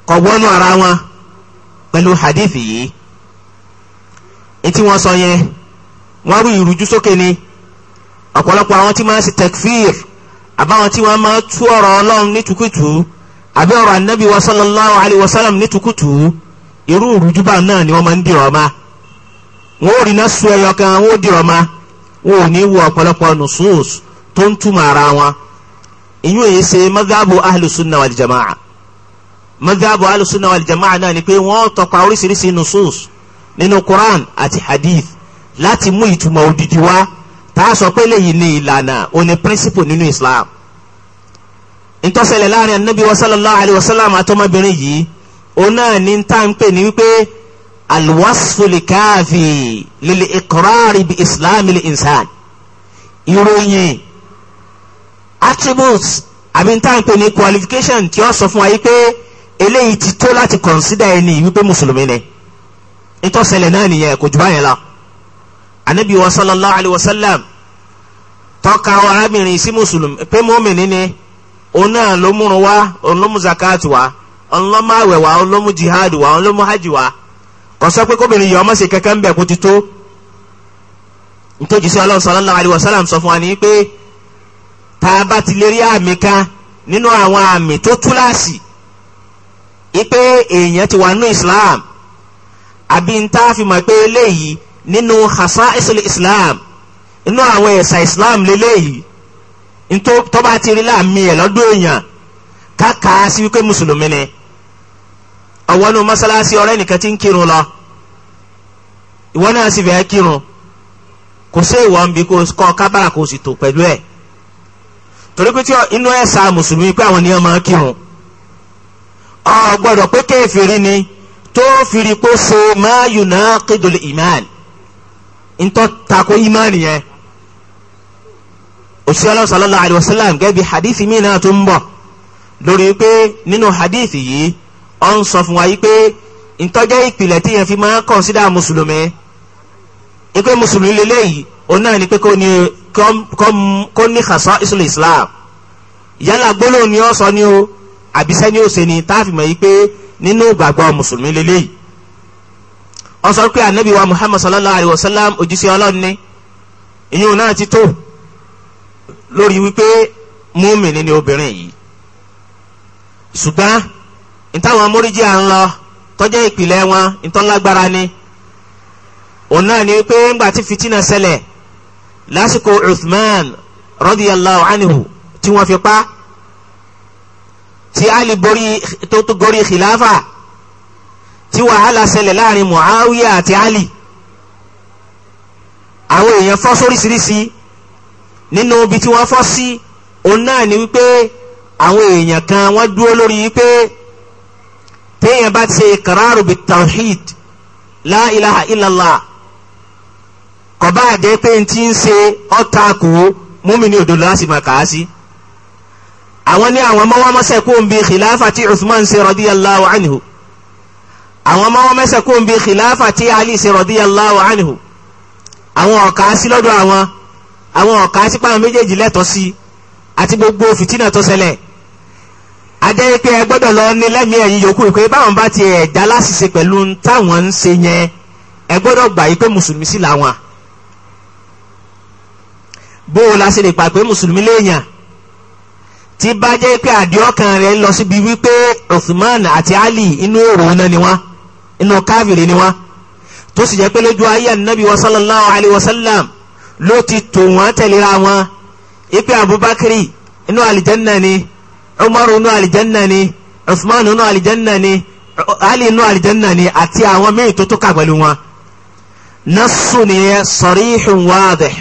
kọ̀ wọ́nú ara wọn pẹ̀lú hadith yìí etí wọ́n sọ yẹn wọ́n rú ìrújú sókè ni ọ̀pọ̀lọpọ̀ àwọn tí máa ń ṣe tekfir àbáwọn tí wọ́n máa tú ọ̀rọ̀ Ọlọ́run ní tukutu àbí ọ̀rọ̀ anabi wa sallallahu alayhi wa sallam ní tukutu irú ìrújú báà náà ni wọ́n máa ń dìrọ̀ máa wọn ò rí náà sún ẹyọ kan wọn ò dì ọma wọn ò ní wo ọ̀pọ̀lọpọ̀ nusus tó ń túmọ̀ ara wọn ìyún èyí ṣe madhabu ahlùsùnà wàlì jama'a madhabu ahlùsùnà wàlì jama'a náà ni pé wọ́n tọpa oríṣiríṣi nusus nínú Quran àti hadith láti mú ìtumọ̀ òdìdí wá tá a sọ pé léyìí ni ìlànà òní píríncípù nínú Islam ntọ́sẹ̀lẹ̀ láàrin anabi wa sallallahu alayhi wa sallam àtọmọbìnrin yìí òun náà ní ta ń pè ní wípé alwasfuli káfí lili ikorari bi islam li insan ìròyìn attributes àbí n táwọn pè ní qualification tí ó sọ fún wa yìí pé eléyìí ti tó láti consider ẹni wípé mùsùlùmí ni ìtọ́sẹ̀lẹ̀ náà nìyẹn kò jù báyẹn lọ anabi wa sallallahu alayhi wa sallam tọ́ka arábìnrin sí mùsùlùmí pé mọ́mìnì ni òun náà ló múrun wá òun ló mú zakatu wá òun ló máa wẹ̀ òun ló mú jihad wá òun ló mú hajj wá kọsọ pé kóbìnrin yìí ọmọ sì kẹkẹ ń bẹ kó ti tó nítorí sí ọlọ́run sallallahu alaihi wasallam sọ fún wa ní pé tá a bá ti lè rí àmì kan nínú àwọn àmì tó túláàsì ipe èèyàn ti wà nínú Islam àbí n tá a fi mọ̀ pé eléyìí nínú khasaisul Islam inú àwọn ẹ̀sà Islam lélẹ́yìí nítorí tó bá ti rí láàmì ẹ̀ lọ́dún èèyàn káàkiri sí wípé mùsùlùmí ni àwọn nu mọ́sálásí ọ̀rẹ́ nìkan ti ń kírun lọ ìwọ náà sì fẹ́ kírun kò sí ìwọ ń bi kó kọ́ kábàrà kó sì tó pẹ̀lú ẹ̀ torí pé tí inú ẹ̀ sa mùsùlùmí pé àwọn nìyẹn máa kírun ọ gbọ́dọ̀ pé kéèfèrí ni tó fìrí kó so máa yùnà kédolè ìmáàlì ntọ́ tako ìmáàlì yẹn òṣìṣẹ́ sallallahu alaihi wasallam gẹ́gẹ́ bí hadithi mi náà tó ń bọ̀ lórí pé nínú hadithi yìí ọ ń sọ fún wa yìí pé ntọ́jẹ́ ìpìlẹ̀ tí yẹn fi máa ń kọ̀nsídà mùsùlùmí ipe mùsùlùmí lélẹ́yìí òun náà ni pé kò ní kò ní kàṣọ ìṣòlù islam yálà gbólóhùn ni ó sọ ni o àbísẹ́ ni ó ṣe ni tá a fi mọ̀ yìí pé nínú ìgbàgbọ́ mùsùlùmí lélẹ́yìí ó sọ pé anabi wa muhammad sallallahu alayhi wa sallam ojúṣe ọlọ́run ni ìyún náà ti tó lórí wípé múmi ni obìnrin yìí ṣùgbọ́n ntáwọn móríjì à ń lọ tọ́jẹ́ ìpìlẹ̀ wọn ntọ́lágbára ni òun náà ni pé ńgbà tí fitina ṣẹlẹ̀ lásìkò Uthman radiyallahu anhu tí wọ́n fi pa tí Ali borí tó tó gorí khilafa tí wàhálà ṣẹlẹ̀ láàrin Muawiya àti Ali àwọn èèyàn fọ́ sóríṣiríṣi nínú ibi tí wọ́n fọ́ sí òun náà ni wípé àwọn èèyàn kan wọ́n dúró lórí wípé téèyàn bá ti ṣe ikraru bi tawhid la ilaha illallah kọba àdé pé n ti ń ṣe ọta kù múmini òdòdó láti mà kàá sí. àwọn ní àwọn mọ́wámọ́sẹ̀ kó ń bi khilafa ti Uthman ṣe radiyallahu anhu àwọn mọ́wámọ́sẹ̀ kó ń bi khilafa ti Ali ṣe radiyallahu anhu àwọn ọ̀ka sí lọ́dọ̀ àwọn àwọn ọ̀ka sí pàmò méjèèjì lẹ́tọ̀ọ́ sí àti gbogbo fìtínà tó ṣẹlẹ̀ ajẹ́ yìí pé ẹ gbọ́dọ̀ lọ ní lẹ́mìí ẹ̀yin yòókù pé báwọn bá ti ẹ̀dá láṣìṣe pẹ̀lú táwọn ń ṣe yẹn ẹ gbọ́dọ̀ gbà yìí pé mùsùlùmí sì làwọn. bó o la ṣe lè pa pé mùsùlùmí léèyàn tí bá jẹ́ pé àdìọ́kàn rẹ̀ ń lọ síbi wípé Uthman àti Ali inú èrò náà ni wọ́n inú káfìrí ni wọ́n tó sì jẹ́ pé lójú ayé ànábì wa sallallahu alayhi wa sallam ló ti tò wọ́n tẹ̀léra wọn ipe Abubakar inú àlìjẹ́nnà ni umar nù alijanna ni usman nù alijanna ni ali nù alijanna ni àti àwọn míì tó tó kà pẹ̀lú wọn nasu nìyẹn sarihun wadih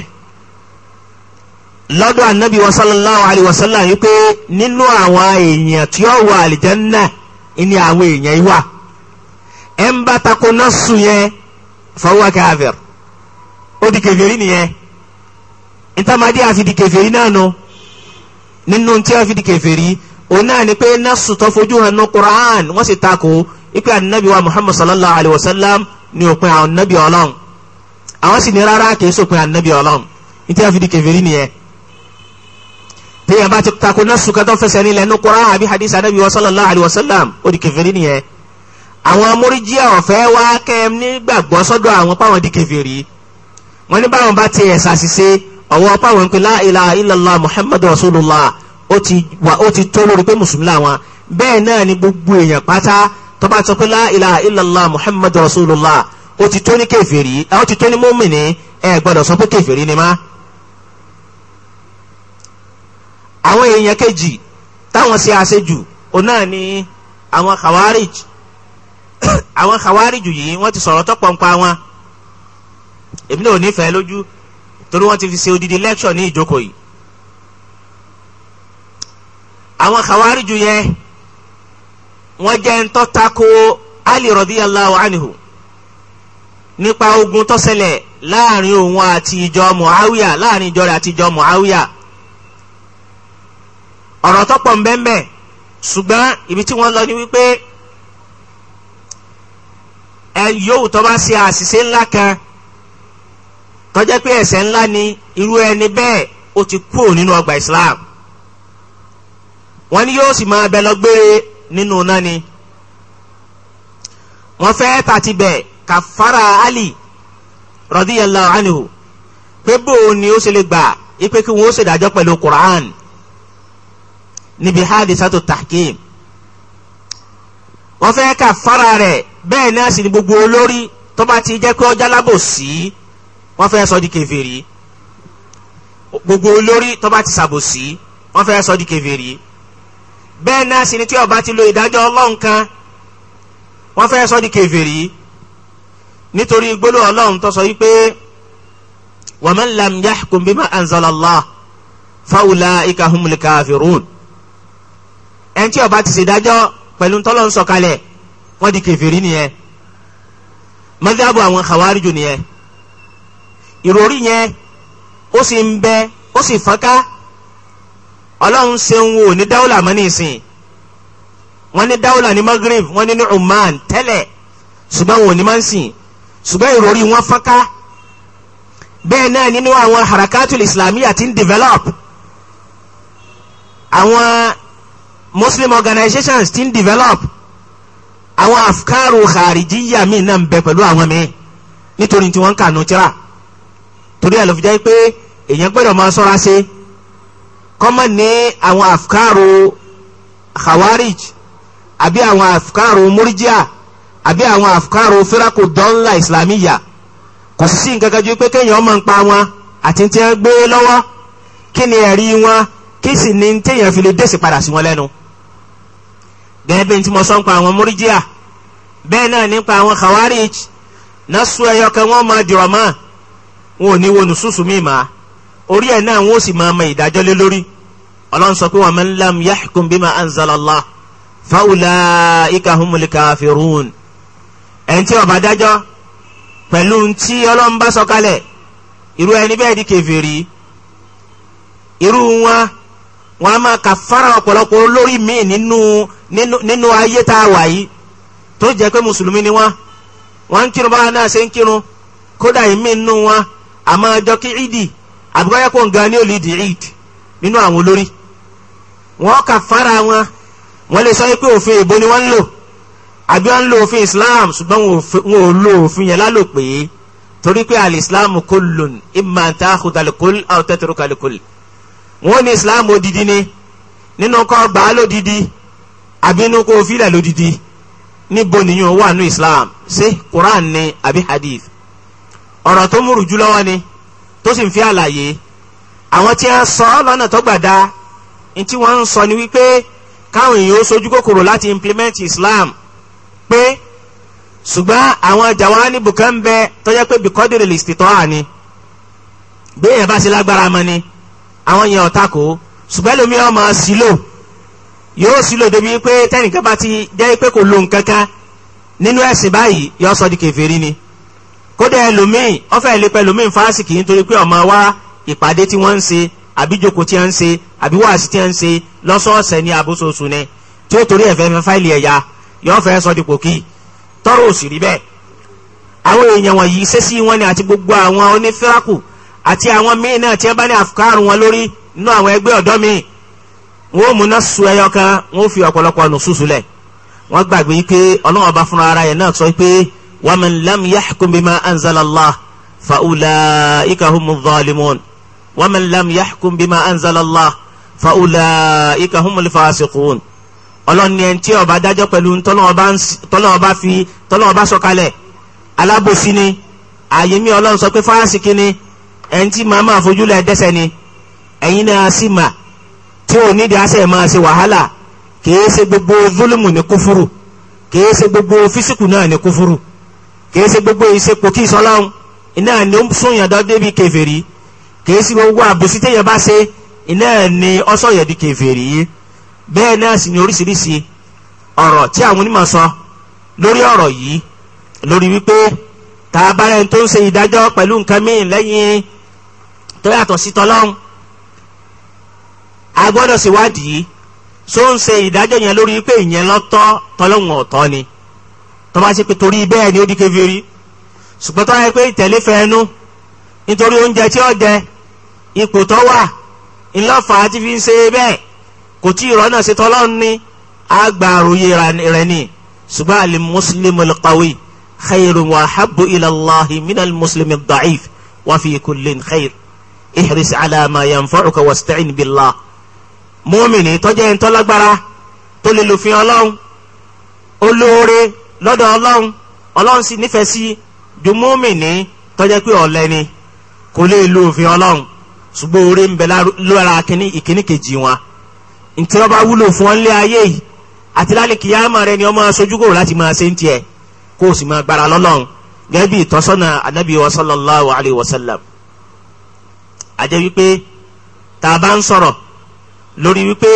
lọ́dọ̀ anabi wa sallallahu alayhi wa sallam yìí pé nínú àwọn èèyàn tí ó wà àlìjánná ni àwọn èèyàn yìí wà ẹ̀ ń bá tako nasu yẹn fahuwa kafir ó di kèfèrí nìyẹn ntamadi àfi di kèfèrí náà nù nínú tí a fi di kèfèrí òun náà ni pé násù tó fojú hàn ní Qur'an wọ́n sì takò ipe anabi wa Muhammad sallallahu alayhi wa sallam ni òpin àwọn anabi Ọlọ́run àwọn sì ní rárá kìí sòpin anabi Ọlọ́run nítorí àfi di kèfèrí nìyẹn téèyàn bá ti takò násù kan tó fẹsẹ̀ nílẹ̀ ní Qur'an àbí hadith anabi wa sallallahu alayhi wa sallam ó di kèfèrí nìyẹn àwọn amóríjì ọ̀fẹ́ wá kẹ́m nígbàgbọ́ sọ́dọ̀ àwọn páwọn di kèfèrí wọ́n ní báwọn bá ti ẹ̀ sàṣìṣe ọ̀wọ́ páwọn ń pè la ilaha illallah Muhammadu ó ti wà ó ti tó lórí pé mùsùlùmí làwọn bẹ́ẹ̀ náà ni gbogbo èèyàn pátá tó bá sọ pé la ilaha illallah muhammadu rasulullah ó ti tó ní kèfèrí ó ti tó ní mọ́mìnì ẹ gbọ́dọ̀ sọ pé kèfèrí ni má. àwọn èèyàn kejì táwọn ṣe àṣejù ó náà ni àwọn khawarij (coughs) àwọn khawarij yìí wọ́n ti sọ̀rọ̀ tọ́pọ̀ nǹkan èmi náà ò nífẹ̀ẹ́ lójú torí wọ́n ti fi ṣe odidi lẹ́kṣọ̀ ní ìjókòó yìí àwọn khawariju yẹn wọ́n jẹ́ ń tó tako ali radiyallahu anhu nípa ogun tó ṣẹlẹ̀ láàrin òun àti ìjọ muawiya láàrin ìjọ rẹ̀ àti ìjọ muawiya ọ̀rọ̀ tó pọ̀ ṣùgbọ́n ibi tí wọ́n lọ ni wípé ẹ yòówù tó bá ṣe àṣìṣe ńlá kan tó pé ẹ̀ṣẹ̀ ńlá ni irú ẹni bẹ́ẹ̀ ó ti kúrò nínú ọgbà islam wọ́n ní yóò sì máa bẹ lọ́gbére nínú náà ni wọ́n fẹ́ tàti bẹ̀ kàfàrà Ali radiyallahu anhu pé bó o ní ó ṣe lè gbà ipe kí wọ́n ó ṣèdájọ́ pẹ̀lú Qur'an níbi hadisatu tahkim wọ́n fẹ́ kàfàrà rẹ̀ bẹ́ẹ̀ náà sì ni gbogbo olórí tó bá ti jẹ́ pé ọjà sí wọ́n fẹ́ sọ di kèfèrí gbogbo olórí tó bá ti ṣàbòsí wọ́n fẹ́ sọ di kèfèrí bẹ́ẹ̀ náà sì ni tí ó bá ti lo ìdájọ́ ọlọ́run kan wọ́n fẹ́ sọ di kèfèrí nítorí gbólóhùn ọlọ́run tó sọ yìí pé wa man lam yahkum bima anzala Allah fa ulaika humul kafirun ẹni tí ó bá ti ṣèdájọ́ pẹ̀lú tọ́lọ́run sọ̀kalẹ̀ wọ́n di kèfèrí nìyẹn madhabu àwọn khawariju nìyẹn ìròrí yẹn ó sì ń bẹ ó sì fọ́nká ọlọ́run ṣeun wo ní dáwùlà mọ́ nísìn wọ́n ní dáwùlà ní Maghrib wọ́n ní ní Oman tẹ́lẹ̀ ṣùgbọ́n wọn ò ní máa ń sìn ṣùgbọ́n ìròrí wọn fọ́nká bẹ́ẹ̀ náà nínú àwọn harakatul islamiyya ti ń develop àwọn muslim organizations ti ń develop àwọn afkaru kharijiyya míì náà ń bẹ pẹ̀lú àwọn míì nítorí tí wọ́n ń kà nù tíra torí ẹ̀ ló pé èèyàn gbọ́dọ̀ máa ṣọ́ra ṣe kọ́mọ̀ ní àwọn afkaru khawarij àbí àwọn afkaru murjia àbí àwọn afkaru firaku dọ́nlá islamiyya kò sí nǹkan kan ju pé kéèyàn máa ń pa wọn àti tí wọ́n gbé lọ́wọ́ kí ni ẹ̀rí wọn kí sì ni téèyàn fi lè dẹ́sẹ̀ padà sí wọn lẹ́nu gẹ́gẹ́ bí n tí mo sọ ń pa àwọn murjia bẹ́ẹ̀ náà nípa àwọn khawarij nasu ẹyọ kan wọ́n máa dìrọ̀ mọ́ wọn ò ní wo nùsùsù míì máa orí ẹ̀ náà wọ́n sì máa ma ìdájọ́ lé lórí ọlọ́run sọ pé wa man lam yahkum bima anzalallah fa ulaika humul kafirun ẹ̀ ń tí ó bá dájọ́ pẹ̀lú ntí ọlọ́run bá sọ̀kalẹ̀ irú ẹni bẹ́ẹ̀ di kèfèrí irú wọn wọn a máa kàfàrà ọ̀pọ̀lọpọ̀ lórí míì nínú nínú ayé tá a wà yìí tó jẹ́ pé mùsùlùmí ni wọn wọn ń kírun báwa náà ṣe ń kírun kódà ìmí nínú wọn àmọ́ ọjọ́ kí ìdì àbíkọ́yẹ́ kó nǹkan ní olè dìíd nínú àwọn olórí wọ́n kà fara wọn wọ́n lè sọ pé òfin ìbò ni wọ́n ń lò àbí wọ́n ń lo òfin islam ṣùgbọ́n wọn ò lo òfin yẹn lálòpé torí pé àlè islam kò lòn ìmọ̀ àti àkùdàlùkùl àwòtẹ́tẹ̀rùkàlùkùl wọ́n ní islam odidi ni nínú kọ́ gbà á lódidi àbí inú kó fílẹ̀ lódidi níbo nìyẹn wà nù islam ṣé quran ni àbí hadith ọ̀rọ̀ tó múrù jùlọ wá ni tó sì ń fi àlàyé àwọn tí wọ́n sọ ọ́ lọ́nà tó gbà dá ntí wọ́n ń sọ ni wípé káwọn èèyàn ó sojú kòkòrò láti implement Islam pé ṣùgbọ́n àwọn jawani bùkẹ́ ń bẹ tó jẹ́ pé bìkọ́dìrì lè tìtọ́ àní béèyàn bá ṣe lágbára mọ́ ni àwọn yẹn ọ̀tá kò ṣùgbọ́n lómi ọmọ sílò yóò sílò débi pé tẹnìkan bá ti jẹ́ pé kò lo nǹkan kan nínú ẹ̀sìn báyìí yóò sọ di kèfèrí ni kódà ẹlòmíì ọfẹ ìlépa ẹlòmíì fásitì nítorí pé ọmọ wa ìpàdé tí wọ́n ń ṣe àbí jókòó tí wọ́n ń ṣe àbí wàásì tí wọ́n ń ṣe lọ́sọ̀ọ̀sẹ̀ ní abóṣooṣù ni tí ó torí ẹ̀fẹ́ fẹ́ fáìlì ẹ̀yà yọ̀ọ́ fẹ́ sọ dípò kí tọrọ òsì rí bẹ́ẹ̀ àwọn èèyàn wọ̀nyí ṣẹ́sí wọn ni àti gbogbo àwọn onífẹ́rakù àti àwọn míì náà tí wọ́n bá ní àfikàrù wọn lórí nínú àwọn ẹgbẹ́ ọ̀dọ́ míì wọn ò múná náà ومن لم يحكم بما أنزل الله فأولئك هم الظالمون ومن لم يحكم بما أنزل الله فأولئك هم الفاسقون. humul fasiqun ọlọ́ni ẹni tí ọba dájọ́ pẹ̀lú tọ́lọ́ọba fi tọ́lọ́ọba sọ̀kalẹ̀ alábòsí ni ààyè mi ọlọ́run sọ pé fásikì ni ẹni tí màá máa fojú lẹ̀ dẹ́sẹ̀ ni ẹ̀yin náà sì mà tí ò nídìí àṣẹ máa ṣe wàhálà kìí ṣe gbogbo zulumu ní kúfúrú kìí ṣe gbogbo físíkù náà ní kúfúrú kìí ṣe gbogbo ìṣepò tí ìsọlọ́run iná ni ó ń sún yàn dán débi kèfèrí kìí ṣe gbogbo àbòsí téèyàn bá ṣe iná ni ó sọ yàn di kèfèrí bẹ́ẹ̀ náà sì ni oríṣiríṣi ọ̀rọ̀ tí àwọn onímọ̀ sọ lórí ọ̀rọ̀ yìí lórí wípé tá a bá rẹ̀ tó ń ṣe ìdájọ́ pẹ̀lú nǹkan míì lẹ́yìn tó yàtọ̀ sí tọ́lọ́run a gbọ́dọ̀ ṣèwádìí tó ń ṣe ìdájọ́ yẹn lórí pé ìyẹn lọ́tọ̀ tọ́lọ́run ọ̀tọ̀ ni tó bá ṣe pé torí bẹ́ẹ̀ ni ó di kèfèrí ṣùgbọ́n tó bá yẹ pé ìtẹ̀lé fẹ́ ẹnu nítorí oúnjẹ tí ó jẹ ipò tó wà ńlọ́fà ti fi ń ṣe bẹ́ẹ̀ kò tí ìrọ̀ náà ṣe tọ́lọ́run ní agbàròyé rẹ̀ ni ṣùgbọ́n àlè mùsùlùmí lọ́kàwé khayrun wa habbu ila Allahi minal mùsùlùmí da'if wa fi kullin khayr ihris ala ma yanfa'uka wasta'in billah mọ́mìnì tọ́jú ẹ̀ ń tọ́lágbára tó lè lòfin ọlọ́run olóore lọ́dọ̀ ọlọ́run ọlọ́run sì nífẹ̀ẹ́ sí ju mùmínì tó pé ọ̀lẹ ni kò lè lo òfin ọlọ́run ṣùgbọ́n oore ń bẹ lọ́ra kínní ìkíní kejì wọn ntí wọ́n wúlò fún ọ́n ayé yìí àti lálẹ́ kìyàmà rẹ ni ọmọ aṣojú kò láti máa ṣe ń tiẹ̀ kó o sì máa gbára lọ́lọ́run gẹ́gẹ́ bí ìtọ́sọ́nà anábì wa sallallahu alayhi wa sallam àjẹ́ wípé tá a bá ń sọ̀rọ̀ lórí wípé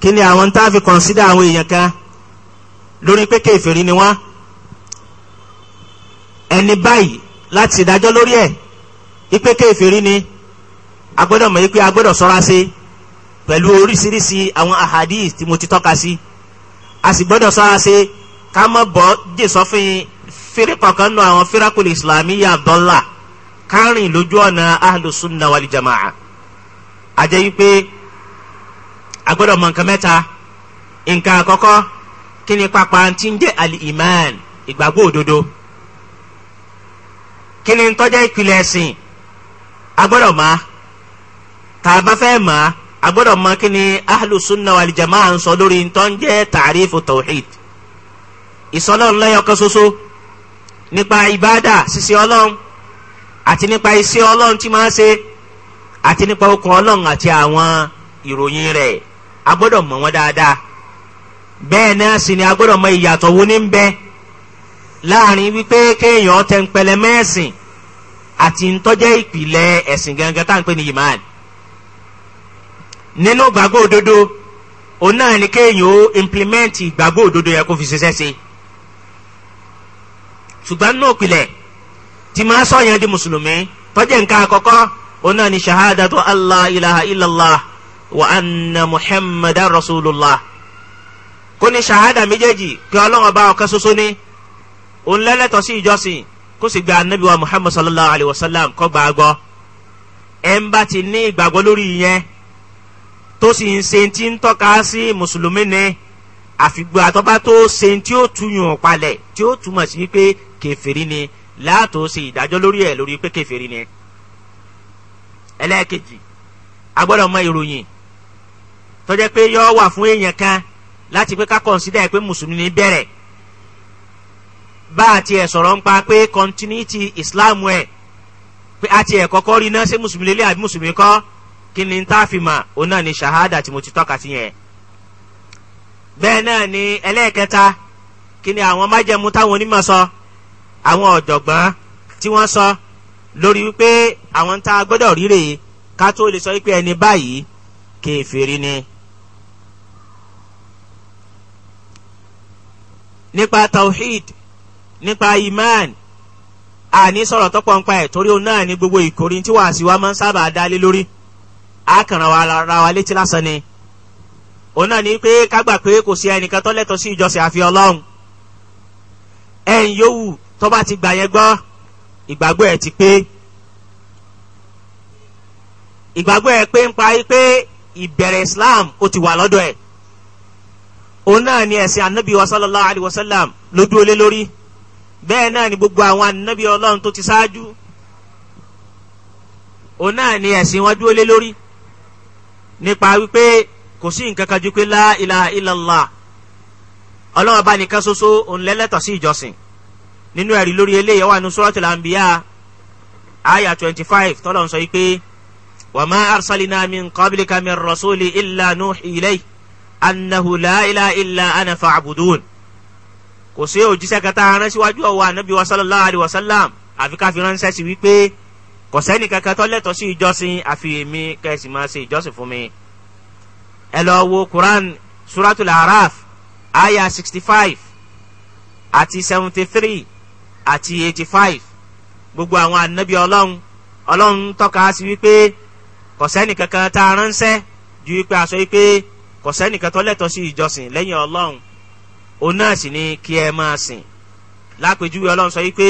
kí àwọn tá a fi kọ̀nsídà àwọn èèyàn kan lórí pé kèfèrí ni wọ́n ẹni báyìí láti ìdájọ́ lórí ẹ̀ ipe kèfèrí ni agbọ́dọ̀ mọ̀ ipe agbọ́dọ̀ ṣọ́ra sí pẹ̀lú oríṣiríṣi àwọn ahadith tí mo ti tọ́ka sí a sì gbọ́dọ̀ ṣọ́ra sí ká mọ̀ bọ́ jésọ́fin fírikọ̀kan nù àwọn fírakùlù islamiyya dọ́là kárìn lójú ọ̀nà ahlùsùnà wàlí jama'a àjẹ́ yí pé agbọ́dọ̀ mọ̀ nǹkan mẹ́ta nǹkan àkọ́kọ́ kí ni pápá ti ń jẹ́ al-iman ìgbàgbọ́ òdodo kí ni tọ́jẹ́ ìpìlẹ̀ ẹ̀sìn agbọ́dọ̀ máa tá a bá fẹ́ máa agbọ́dọ̀ mọ̀ kí ni ahlu sunna wal jamaa ń sọ lórí ntọ́ ń jẹ́ tàrífù tawhid ìsọlọ ńlẹ́yọ kan ṣoṣo nípa ìbádà ṣíṣe ọlọ́run àti nípa iṣẹ́ ọlọ́run tí máa ṣe bẹ́ẹ̀ náà sì ni a gbọ́dọ̀ mọ ìyàtọ̀ wo ní bẹ láàrin wípé kéèyàn tẹnpẹlẹ mẹ́sìn àti ntọ́jẹ́ ìpìlẹ̀ ẹ̀sìn gangan tá à ń pè ní imán nínú gbàgbọ́ òdodo òun náà ni kéèyàn ó implement ìgbàgbọ́ òdodo yẹ kó fi ṣiṣẹ́ ṣe ṣùgbọ́n nínú ìpìlẹ̀ tí máa sọ yẹn di mùsùlùmí tọ́jẹ́ nǹkan àkọ́kọ́ òun náà ni shahadatu allah ilaha illallah wa anna muhammadan rasulullah ó ní ṣahada méjèèjì pé ọlọ́run ọba ọ̀kan ṣoṣo ní òun lẹ́lẹ́tọ̀ sí ìjọsìn kó sì gba anabi wa muhammad sallallahu alayhi wa sallam kó gbà á gbọ́ ẹ̀ ń bá ti ní ìgbàgbọ́ lórí ìyẹn tó sì ń ṣe ti ń tọ́ka sí mùsùlùmí ni àfìgbà àtọ́bá tó ṣe tí ó tuyùn palẹ̀ tí ó túmọ̀ sí pé kèfèrí ni láàtò ṣe ìdájọ́ lórí ẹ̀ lórí pé kèfèrí ni ẹlẹ́ẹ̀kejì a mọ ìròyìn tó pé yó wà fún èèyàn kan láti pé ká kọ̀nsídà pé mùsùlùmí ní bẹ̀rẹ̀ bá a tiẹ̀ sọ̀rọ̀ ń pa pé continuity islam ẹ̀ pé a tiẹ̀ kọ́kọ́ rí iná ṣé mùsùlùmí lélẹ̀ àbí mùsùlùmí kọ́ kí ni tá a fi mà òun náà ni shahada tí mo ti tọ́ka sí yẹn bẹ́ẹ̀ náà ni ẹlẹ́ẹ̀kẹta kí ni àwọn májẹ̀mú táwọn onímọ̀ sọ àwọn ọ̀jọ̀gbọ́n tí wọ́n sọ lórí wípé àwọn tá a gbọ́dọ̀ rí rèé ká tó lè sọ wípé ẹni báyìí kèfèrí ni. nípa tawhid nípa iman àní sọ̀rọ̀ tọ́pọ̀ nípa ẹ̀ torí òun náà gbogbo ìkórin tí wàá sí wa máa ń sábà dálé lórí àkàrà wa ra wa létí lásán ni òun náà ní pé ká gbà pé kò sí ẹnìkan tó lẹ́tọ̀ọ́ sí ìjọsìn àfi Ọlọ́run ẹ̀yìn yòówù tó bá ti gbà yẹn gbọ́ ìgbàgbọ́ ẹ̀ ti pé ìgbàgbọ́ ẹ̀ pé ń parí pé ìbẹ̀rẹ̀ Islam ó ti wà lọ́dọ̀ ẹ̀ òun náà ni ẹ̀sìn anabi wa sallallahu alayhi wa sallam ló dúró lé lórí bẹ́ẹ̀ náà ni gbogbo àwọn anabi ọlọ́run tó ti ṣáájú òun náà ni ẹ̀sìn wọn dúró lé lórí nípa wípé kò sí nǹkan kan ju pé la ilaha illallah ọlọ́run ọba nìkan ṣoṣo òun lẹ́lẹ́tọ̀ sí ìjọsìn nínú ẹ̀rí lórí eléyìí wà ní suratul anbiya aya twenty five tọ́lọ̀ sọ yìí pé wa ma arsalina min qablika min rasuli illa nuhi ilayhi annahu la ilaha illa ana fa'budun kò sí òjíṣẹ́ kan tá a rán síwájú ọ̀wọ́ ànábi wa sallallahu alayhi wa sallam àfi ká fi ránṣẹ́ sí wípé kò sẹ́ni kankan tó lẹ́tọ̀ọ́ sí ìjọsìn àfi èmi kẹ́sì máa ṣe ìjọsìn fún mi. ẹ lọ wo quran suratul araf aya sixty five àti seventy three àti eighty five gbogbo àwọn ànábi ọlọ́run ọlọ́run tọ́ka sí wípé kò sẹ́ni kankan tá a ránṣẹ́ ju wípé a wípé kò sẹ́nìkan tó lẹ́tọ̀ọ́ sí ìjọsìn lẹ́yìn ọlọ́run òun náà sì ni kí ẹ máa sìn lápèjúwe ọlọ́run sọ yìí pé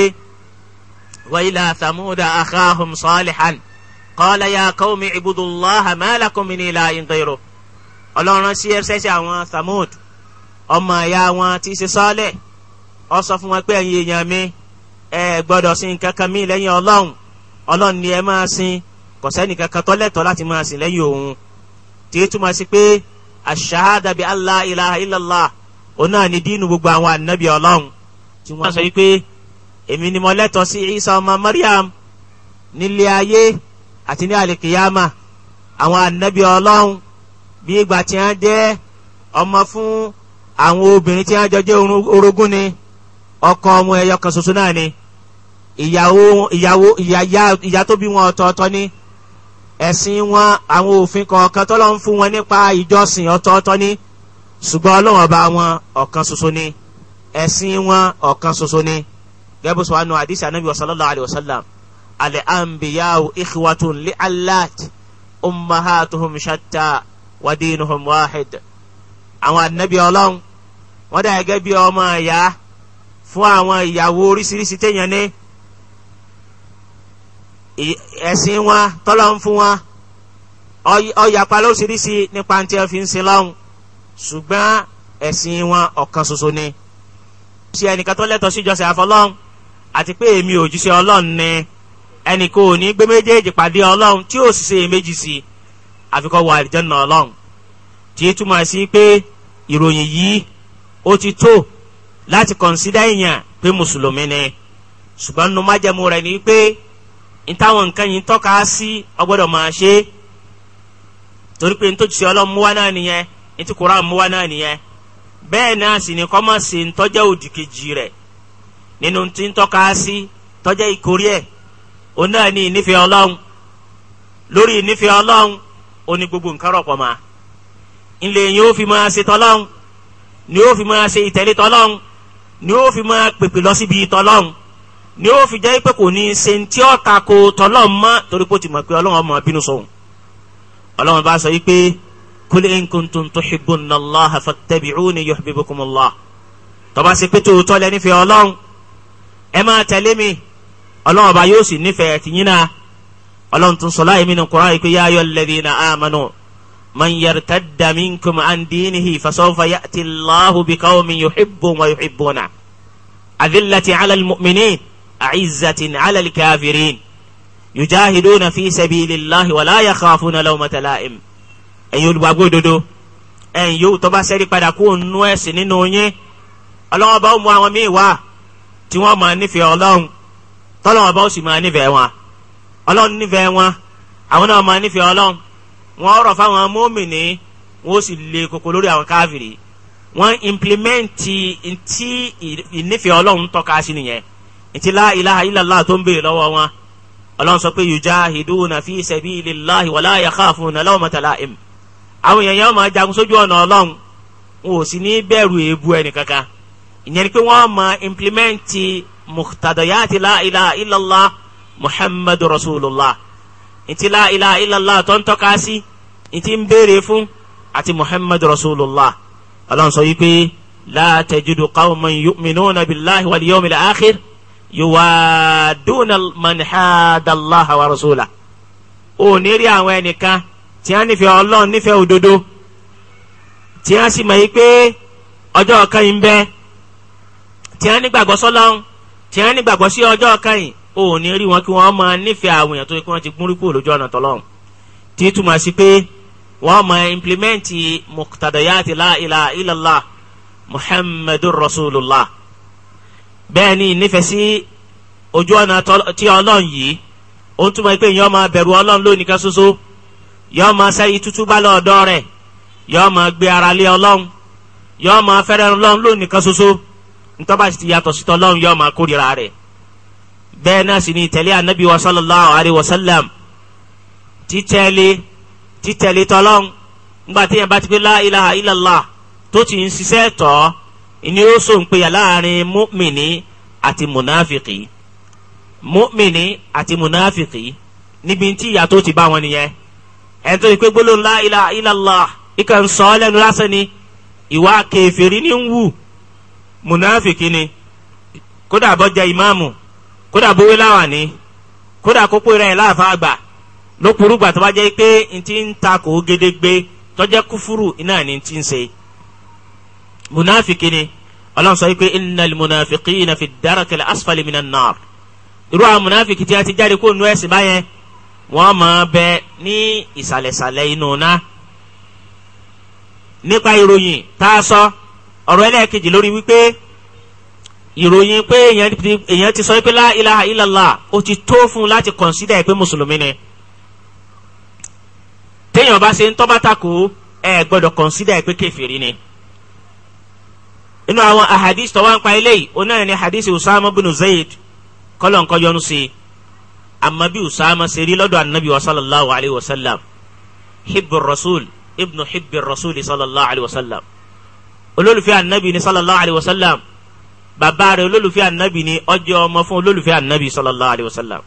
wa ila thamuda akhahum salihan qala ya qawmi ibudullaha ma lakum min ilahin ghayruh ọlọ́run sí ẹsẹ̀ sí àwọn thamud wọn tí í ṣe sọ́ọ̀lẹ̀ fún wọn pé ẹ̀yin èèyàn mi ẹ gbọ́dọ̀ kankan mi lẹ́yìn ọlọ́run ọlọ́run ni ẹ máa sìn kò sẹ́nìkan láti máa sìn lẹ́yìn òun tí ó túmọ̀ sí pé ashahada bi allah ilaha illallah ona ni diinu gbogbo àwọn anabi Ọlọ́run tí wọn sọ wípé èmi ni mo lẹ́tọ̀ọ́ sí isa ọmọ mariam nílé ayé àti ní alikiyama àwọn anabi Ọlọ́run bí ìgbà tí wọn jẹ́ ọmọ fún àwọn obìnrin tí wọn jọ jẹ́ orogún ni ọkọ ọmọ ẹyọ kan ṣoṣo náà ni ìyàwó ìyàwó ìyá tó wọn ọ̀tọ̀ọ̀tọ̀ ni ẹ̀sìn wọn àwọn òfin kọ̀ọ̀kan tó lọ́n fún wọn nípa ìjọsìn ọ̀tọ̀ọ̀tọ̀ ni ṣùgbọ́n ọlọ́run ọba wọn ọ̀kan ṣoṣo ni ẹ̀sìn wọn ọ̀kan ṣoṣo ni gẹ́gẹ́ bó sọ wánú àdìsí anábì sallallahu alayhi wa sallam alẹ́ anbiya'u ikhwatun li allat ummahatuhum shatta wa dinuhum wahid àwọn ànábì ọlọ́run wọ́n dà gẹ́gẹ́ bí ọmọ ìyá fún àwọn ìyàwó ẹ̀sìn wọn tọ́lọ́ ń fún wọn ọ̀yàpá lóṣìṣì nípa tí wọ́n fi ń sin lọ́hùn ṣùgbọ́n ẹ̀sìn wọn ọ̀kan ṣoṣo ni. ṣe ẹnìkan tó lẹ́tọ̀ọ́ síjọsìn àfọlọ́hún àti pé èmi òjíṣẹ́ ọlọ́run ni ẹnì kò ní gbé méjèèjì pàdé ọlọ́run tí ó sì ṣe méjì sí i àfikọ́ wọ àlìjẹ́nà ọlọ́run tí túmọ̀ sí pé ìròyìn yìí ó ti tó láti kọ̀nsídà èèyàn pé mùsùlùmí ni ṣùgbọ́n nu májẹ̀mú ni pé ntáwọn nǹkan yìí tọ́ka sí ọgbọ́dọ̀ máa ṣe é torí pé ntòjú sí ọlọ́run mú wá náà nìyẹn ntí Kùránì mú wá náà nìyẹn bẹ́ẹ̀ náà sì ni kọ́mọ̀ sí ntọ́jẹ́ òdì kejì rẹ̀ nínú ntí ntọ́ka sí tọ́jẹ́ ìkórí ẹ̀ òun náà ní ìnífẹ̀ẹ́ ọlọ́run lórí ìnífẹ̀ẹ́ ọlọ́run ó ní gbogbo nǹkan rọ̀pọ̀ mọ́ ilé yóò fi máa ṣe tọ́lọ́run ni yóò fi máa ṣe ìtẹ̀lé tọ́lọ́run ni yóò fi máa pèpè lọ síbi tọ́lọ́run ni ó fi jẹ́ pé kò ní ṣe ń tí ó ta ko tọ́lọ́n mọ́ torí pé ó ti mọ̀ pé ọlọ́run ọmọ bínú sọ̀hún ọlọ́run bá sọ yìí pé kul in kuntum tuhibbuna Allaha fattabi'uni yuhibbukum Allah tó bá ṣe pé tòótọ́ lẹ nífẹ̀ẹ́ ọlọ́run ẹ máa tẹ̀lé mi ọlọ́run ọba yóò sì nífẹ̀ẹ́ tìyín náà ọlọ́run tún sọ láì mí ní yìí pé ya ayyuhal ladhina amanu man yartadda minkum an dinihi fasawfa ya'ti Allahu biqawmin yuhibbuhum wa yuhibbuna adillati 'ala al aizzatin alal kafirin yujahiduna fi sabilillahi wala yakhafuna lawmata la'im ẹ̀yin olùgbàgbọ́ òdodo ẹ̀yin yóò tọ́ bá sẹ́rí padà kó nú ẹ̀sìn nínú yín ọlọ́wọ́n bá mú àwọn míì wá tí wọ́n máa nífẹ̀ẹ́ ọlọ́run tọ́lọ́wọ́n bá sì máa nífẹ̀ẹ́ wọn ọlọ́run nífẹ̀ẹ́ wọn àwọn náà máa nífẹ̀ẹ́ ọlọ́run wọn rọ̀ fáwọn mọ́mìnì wọn ó sì le koko lórí àwọn káfìrí wọn implimẹ́ǹtì ntí ìnífẹ̀ẹ́ ọlọ́run tọ́ka sí nìyẹn ètí la ilaha illallah tó ń béèrè lọ́wọ́ wọn ọlọ́run sọ pé yujahiduna fi sabilillahi wala yakhafuna lawmata la'im àwọn èèyàn yẹn wọ́n máa jagun sójú ọ̀nà ọlọ́run wọn ò sì ní bẹ̀rù èébú ẹnìkankan ìyẹn ni pé wọ́n máa implimẹ́ǹtì muhtadayati la ilaha illallah muhammadu rasulillah ntí la ilaha illallah tó ń tọ́ka sí ntí ń béèrè fún àti muhammadu rasulillah ọlọ́run sọ yìí pé la tajidu yuwaduna man hadallaha wa rasula ò ní rí àwọn ẹnìkan tí wọ́n nífẹ̀ẹ́ Ọlọ́run nífẹ̀ẹ́ òdodo tí wọ́n sì mọ̀ yí pé ọjọ́ kan yìí ń bẹ tí wọ́n nígbàgbọ́ sọ́lọ́run tí wọ́n nígbàgbọ́ sí ọjọ́ kan yìí ò ní rí wọn kí wọ́n máa nífẹ̀ẹ́ àwọn èèyàn tó yẹ kí wọ́n ti gún rí kúrò lójú ọ̀nà tọ́lọ́run tí túmọ̀ sí pé wọ́n máa implimenti muqtadayati la ilaha illallah muhammadur rasulullah bẹ́ẹ̀ ni ìnífẹ̀ẹ́ sí ojú ọ̀nà tí ọlọ́run yìí ó ń túmọ̀ pé yọ́n máa bẹ̀rù ọlọ́run lónìí kan ṣoṣo yọ́n máa sẹ́yìn tútú bá lọ́ọ̀dọ́ rẹ̀ yọ́n máa gbé ara lé ọlọ́run yọ́n máa fẹ́rẹ̀ ọlọ́run lónìí kan ṣoṣo ntọ́ba ti yàtọ̀ sí tọ́lọ́run yọ́n máa kórìíra rẹ̀ bẹ́ẹ̀ náà sì ni ìtẹ̀lé anabi wa sallallahu alayhi wa sallam títẹ̀lé títẹ̀lé tọ́lọ́run ńgbà yẹn bá ti pé la ilaha tó ti ń ṣiṣẹ́ tọ́ ìní ó so ń laarin láàrin ati àti mùnáfìkì ati àti mùnáfìkì níbi tí ìyàtọ̀ ti bá wọn nìyẹn ẹni tó ti pé gbólóhùn la ila illallah ìkà ń sọ ọ́ lásán ni ìwà kèfèrí ní ń wù mùnáfìkì ni kódà bọ́ jẹ́ ìmáàmù kódà bówé láwà ni kódà kókó rẹ̀ agba àgbà lóporúgbà tó bá jẹ́ pé ntí ń ta kò gédégbé tọ́jẹ́ kúfúrú iná ni ntí ń munafiki ni ọlọ́run sọ wípé innal munafiqina fi darakil asfali minan nar irú àwọn munafiki tí a ti jáde kó nu ẹ̀sìn báyẹn wọ́n máa bẹ ní ìsàlẹ̀sàlẹ̀ inú ná nípa ìròyìn tá a sọ ọ̀rọ̀ ẹlẹ́ẹ̀kejì lórí wípé ìròyìn pé èèyàn ti sọ pé la ilaha illallah ti tó fún un láti kọ̀nsídà pé mùsùlùmí ni téèyàn bá ṣe ń tọ́ bá takò ẹ gbọ́dọ̀ kọ̀nsídà pé kèfèrí ni inú àwọn ahadith tó wá ń pa eléyìí onáà ní hadith usama bin zayd kọ́lọ̀ nǹkan yọnu sí i àmọ́ bí usama ṣe rí lọ́dọ̀ anabi wa sallallahu alayhi wa sallam hibbu rasul ibnu hibbi rasul sallallahu alayhi wa sallam olólùfẹ́ anabi ni sallallahu alayhi wa sallam bàbá rẹ̀ olólùfẹ́ anabi ni ọjọ́ ọmọ fún olólùfẹ́ anabi sallallahu alayhi wa sallam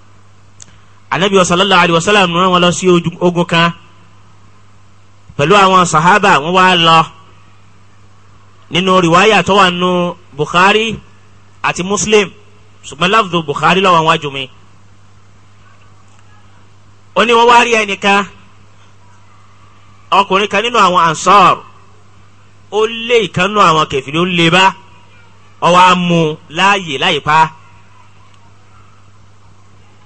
anabi wa sallallahu alayhi wa sallam rán wọn lọ ogun kan pẹ̀lú àwọn sahaba wọn wá lọ nínú riwaya tó wà nù Bukhari àti Muslim ṣùgbọ́n láfùdù Bukhari lọ́wọ́ wọn jù mí. ó ní wọ́n wá rí ẹnìkan ọkùnrin kan nínú àwọn ansar ó lé ìkànnú àwọn kẹfìrí ó lé bá ọwọ́ á mú láàyè láyè pa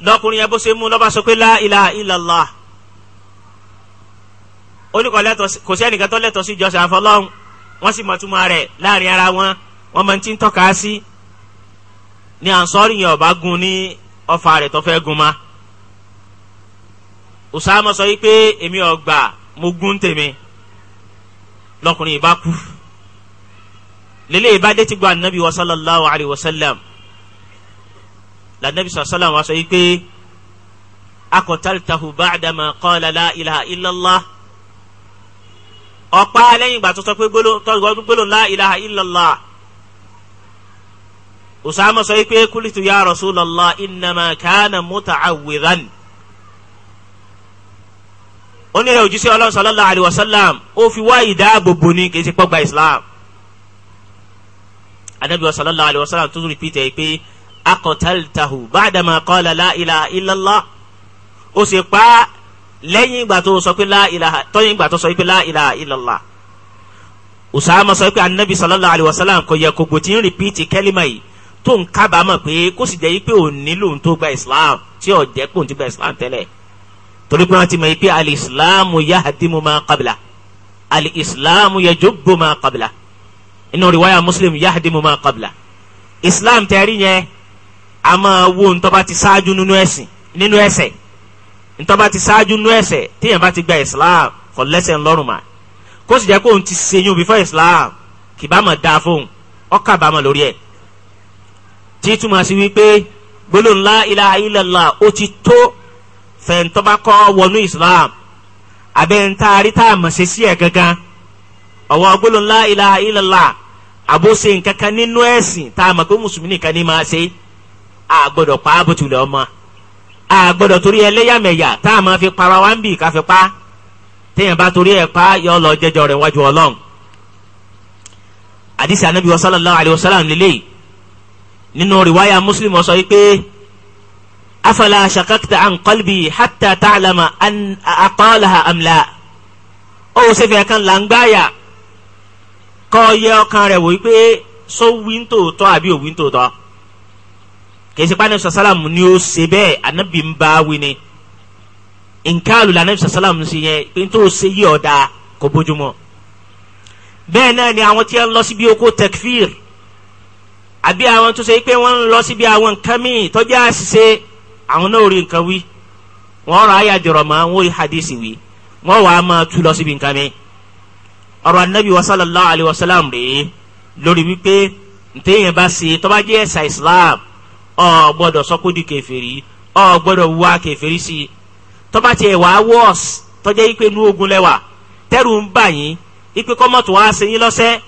lọkùnrin yẹn bó ṣe mú lọ́ba sọ pé la ilaha illallah ó ní kò sẹ́nìkan tó lẹ́tọ̀ọ́ sí ìjọsìn àfọlọ́hún wọ́n sì mọ̀túmọ̀ rẹ̀ láàrin ara wọn wọ́n mọ̀ ní ti ń tọ́ka sí ní ansọ́rì yẹn ọba gun ní ọfà rẹ̀ tó fẹ́ gun ma Usama sọ yìí pé èmi ọgbà mo gun tèmi lọkùnrin ìbá kú lélẹ́yìí bá ti gba anabi wa sallallahu alayhi wa sallam lànàbi sallallahu alayhi sallam wa sọ yìí pé akọ̀tàlítàhù ba'dama ilaha illallah ọ̀pá lẹ́yìn ìgbà tó sọ pé gbólóhùn la ilaha illallah Usama sọ pé kulitu ya Rasulallah innama kana muta'awwidan onírẹ̀ òjíṣẹ́ ọlọ́run sallallahu alayhi wa sallam ó fi wá ìdáàbòbò ní kì í ṣe pọ́gbà Islam anabi sallallahu alayhi wa sallam tó rìpítẹ̀ pé akọ̀tàlítàhù ba'dama qala la ilaha illallah ó sì pa á lẹ́yìn ìgbà tó sọ pé la ilaha tọ́yìn ìgbà tó sọ pé la ilaha illallah usama sọ pé anabi sallallahu alayhi wa sallam kò yẹ kó gbòtí ń rìpíìtì kẹ́límà yìí tó ń kábàámọ̀ pé kó sì jẹ́ pé ò nílò ń tó gba islam tí ò jẹ́ pé ò ti gba islam tẹ́lẹ̀ torí pé wọ́n ti mọ̀ pé alìsílámù yahdimu ma qabla alìsílámù yajubbu ma qabla inú riwaya muslim yahdimu ma qabla islam tẹ́rí yẹn a máa wo ń ti ṣáájú nínú ẹ̀sìn nínú ẹ̀sẹ̀ ntọ́ba ti ṣáájú nú ẹ̀ṣẹ̀ téèyàn bá ti gba islam kò lẹ́ṣẹ̀ ńlọ́rùn mà kó sì jẹ́ kó òun ti ṣeyún before islam kì bá mọ̀ dáa fóun ọkà bá mọ̀ lórí ẹ̀ tí túmọ̀ sí wípé gbólóhùn la ilaha illallah ó ti tó fẹ̀ǹtọ́ba kọ́ wọnú islam abẹ́ntaari tá a mọ̀ ṣe sí ẹ̀ gangan ọ̀wọ́ gbólóhùn la ilaha illallah àbóse nkankan nínú ẹ̀sìn tá a mọ̀ pé mùsùlùmí nìkan ní máa ṣe àgbọ̀dọ̀ pa á ọmọ a gbọ́dọ̀ torí ẹlẹ́yàmẹ̀yà tá a máa fi para wa ń bì ká fi pa téèyàn bá torí ẹ̀ pa yọ lọ jẹjọ rẹ̀ wájú Ọlọ́run àdìsí anabi wa sallallahu alayhi wa sallam lélẹ́yìí nínú riwaya Muslim sọ yìí afala shakakta an qalbi hatta ta'lama an atalaha amla ó ṣe fẹ́ kan là ń yẹ ọkàn rẹ̀ wò yìí pé sọ àbí òwíńtòótọ́. So kèsì pa anabi sàlám ni ó ṣe bẹ́ẹ̀ anabi ń bá wí ni nkaalu la anabi sàlám ṣe yẹ pé nítorí ó ṣe yí ọ̀dà kò bójúmọ́ náà ni àwọn tí wọ́n lọ síbi oko tekfir àbí àwọn tó ṣe pé wọ́n ń lọ síbi àwọn nǹkan míì tọ́jú àṣìṣe àwọn náà rí nǹkan wí wọ́n rọ àyà dìrọ̀ mọ́ rí hadisi wí wọ́n wàá máa tú lọ síbi nǹkan míì ọ̀rọ̀ anabi wa sallallahu alayhi wa sallam rèé lórí wípé ntẹ́yìn bá ṣe tó bá islam ọ gbọ́dọ̀ sọ kó di kèfèrí ọ gbọ́dọ̀ wá kèfèrí sí i tọ́ba tiẹ̀ wá wọ́ọ̀s tọ́jẹ́ yí pé inú ogun lẹ́wà tẹ́rù ń bà yín yí pé kọ́mọ̀tò wá ṣe yín lọ́sẹ́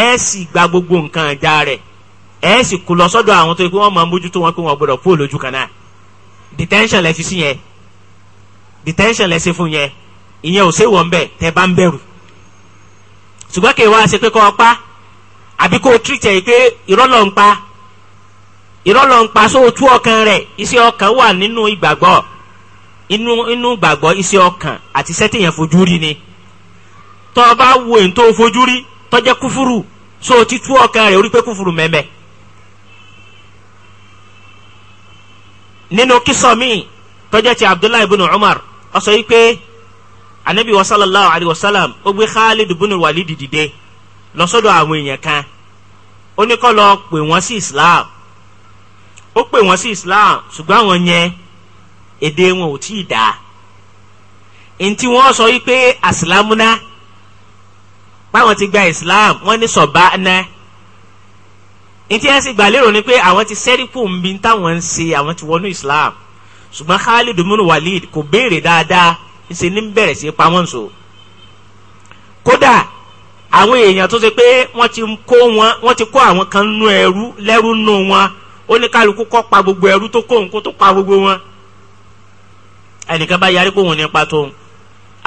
ẹ̀ sì gba gbogbo nǹkan ìjà rẹ̀ ẹ̀ sì kú lọ sọ́dọ̀ àwọn tó yẹ pé wọ́n máa mójútó wọn pé wọ́n gbọ́dọ̀ kú òlójú kan náà detention lẹ fi sí yẹn detention lẹ ṣe fún yẹn ìyẹn ò ṣe wọ̀ ń bẹ̀ tẹ́ bá ń bẹ̀rù ṣùgbọ́n kí wọ́n ṣe pé kọ́ ọ pa àbí kó o treat ẹ̀ pé ń pa ìrọ̀lọ́ ń pa sóòtú ọkàn rẹ̀ iṣẹ́ ọkàn wà nínú ìgbàgbọ́ inú inú ìgbàgbọ́ iṣẹ́ ọkàn àti iṣẹ́ tèèyàn fojú rí ni tọ́ ọ bá wo èyí tó fojú rí tọ́jẹ́ kúfúrú sóòtú tú ọkàn rẹ̀ orí pé kúfúrú mẹ́mẹ́. nínú kísọ̀ tọ́jẹ́ ti Abdullahi ibn Umar ó yìí pé anabi wa sallallahu alayhi wa sallam ó gbé Khalid ibn Walid dìde lọ sọ́dọ̀ àwọn èèyàn kan ó ní kó lọ pè wọ́n sí Islam ó pè wọ́n sí islam ṣùgbọ́n àwọn yẹn èdè wọn ò tíì dáa ntí wọ́n sọ yìí pé asilamuna báwọn ti gba islam wọ́n ní sọ̀bá ná ntí ẹ̀ sì gbà lérò ni pé àwọn ti sẹ́ríkù nbí táwọn ń ṣe àwọn ti wọnú islam ṣùgbọ́n Khalid bin Walid kò béèrè dáadáa ṣe ní bẹ̀rẹ̀ sí pamọ́ nso kódà àwọn èèyàn tó ṣe pé wọ́n ti kó wọn wọ́n ti kó àwọn kan nú ẹrú lẹ́rú nú wọn ó ní kálukú kọ́ pa gbogbo ẹrú tó kóhun kó tó pa gbogbo wọn ẹnìkan bá yarí kóhun nípa tóhun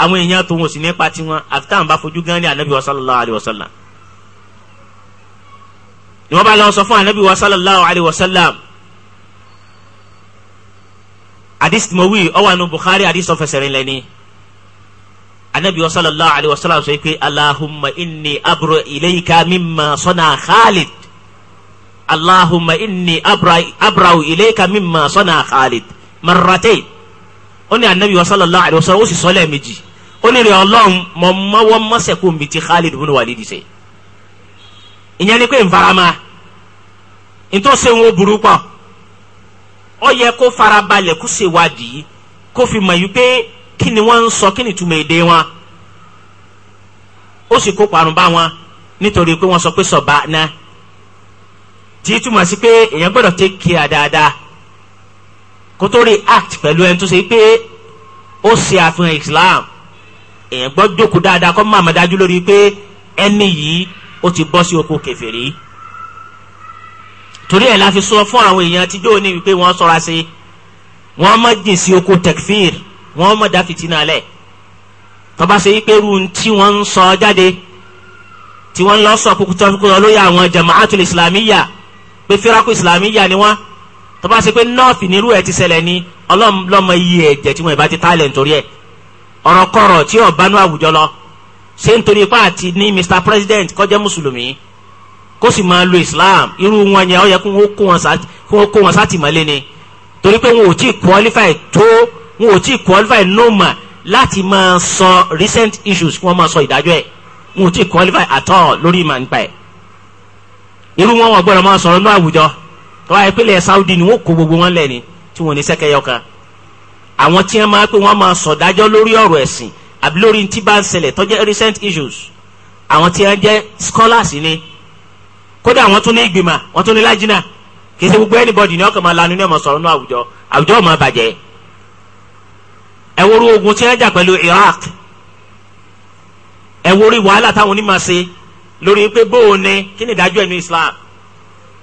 àwọn èèyàn tóhun ò sì nípa tiwọn àfi táwọn bá fojú gan ní anabi wa sallallahu alayhi wa sallam ni wọ́n bá lọ sọ fún anabi wa sallallahu alayhi wa sallam hadith mọ̀wí ó wà Bukhari hadith ọ̀fẹsẹ̀rin lẹ́ni anabi wa alayhi wa sallam sọ pé alahumma inni abro ilayka mimma sọ́nà Khalid allahumma inni abrahu ilayka mimma sọ́nà khalid marratayn ó ní anabi wa sallallahu alayhi wa sallam ó sì sọ lẹ́ẹ̀mejì ó ní rẹ̀ ọlọ́run mọ̀ mọ́wọ́ mọ́sẹ̀kù mi ti khalid bin walid ṣe ìyẹn ni pé nfarama ntọ́sẹ̀ ń wo burú pọ̀ ó yẹ kó farabalẹ̀ kó ṣèwádìí kó fi mọ̀ yí pé kí ni wọ́n ń sọ kí wọn ó sì kó parun bá wọn nítorí pé wọ́n sọ pé sọ̀bà náà tí túmọ̀ sí pé èèyàn gbọ́dọ̀ take care dáadáa kó tó react pẹ̀lú ẹni tó ṣe pé ó ṣe àfihàn Islam èèyàn gbọ́ jókòó dáadáa kó má má dájú lórí pé ẹni yìí ó ti bọ́ sí oko kèfèrí torí ẹ̀ la fi sọ fún àwọn èèyàn tíjọ́ ní wípé wọ́n sọra sí wọ́n má jìn sí oko tekfir wọ́n má dá fìtínà lẹ̀ tọ́ba ṣe wípé irú tí wọ́n ń sọ jáde tí wọ́n lọ sọ kókó tó kó lórí àwọn jama'atul islamiyya pé firaku islamiyya ni wọ́n tó bá ṣe pé nọ́ọ̀fì nírú ẹ̀ ti ṣẹlẹ̀ ni ọlọ́mọ iye ẹ̀jẹ̀ tí wọ́n ìbá ti tálẹ̀ nítorí ẹ̀ ọ̀rọ̀ tí ò banú àwùjọ lọ ṣé nítorí ipá àti ní mr president kó jẹ́ mùsùlùmí kó sì máa lo islam irú wọn yẹn ó yẹ kó wọn kó wọn sátìmọ́lé ni torí pé wọn ò tí ì qualify tó wọn ò tí qualify noma láti máa sọ recent issues kí wọ́n máa sọ ìdájọ́ ẹ̀ wọn ò tí qualify at all lórí ìmọ̀ nípa ẹ̀. irú wọn wọn gbọ́dọ̀ máa sọ̀rọ̀ ní àwùjọ tọ́wọ́ Saudi ni wọ́n kó gbogbo wọn ni tí wọ́n ní sẹ́kẹ̀yọ kan àwọn tí máa pé máa sọ dájọ́ lórí ọrụ ẹ̀sìn àbí lórí ti bá ń recent issues àwọn ni kódà tún ní tún ní gbogbo anybody ni ọkọ máa lanu ní ọmọ ní àwùjọ àwùjọ máa ogun jà Iraq ẹ wàhálà táwọn lórí pé bóun ni kí ni ìdájọ́ ẹ̀nu islam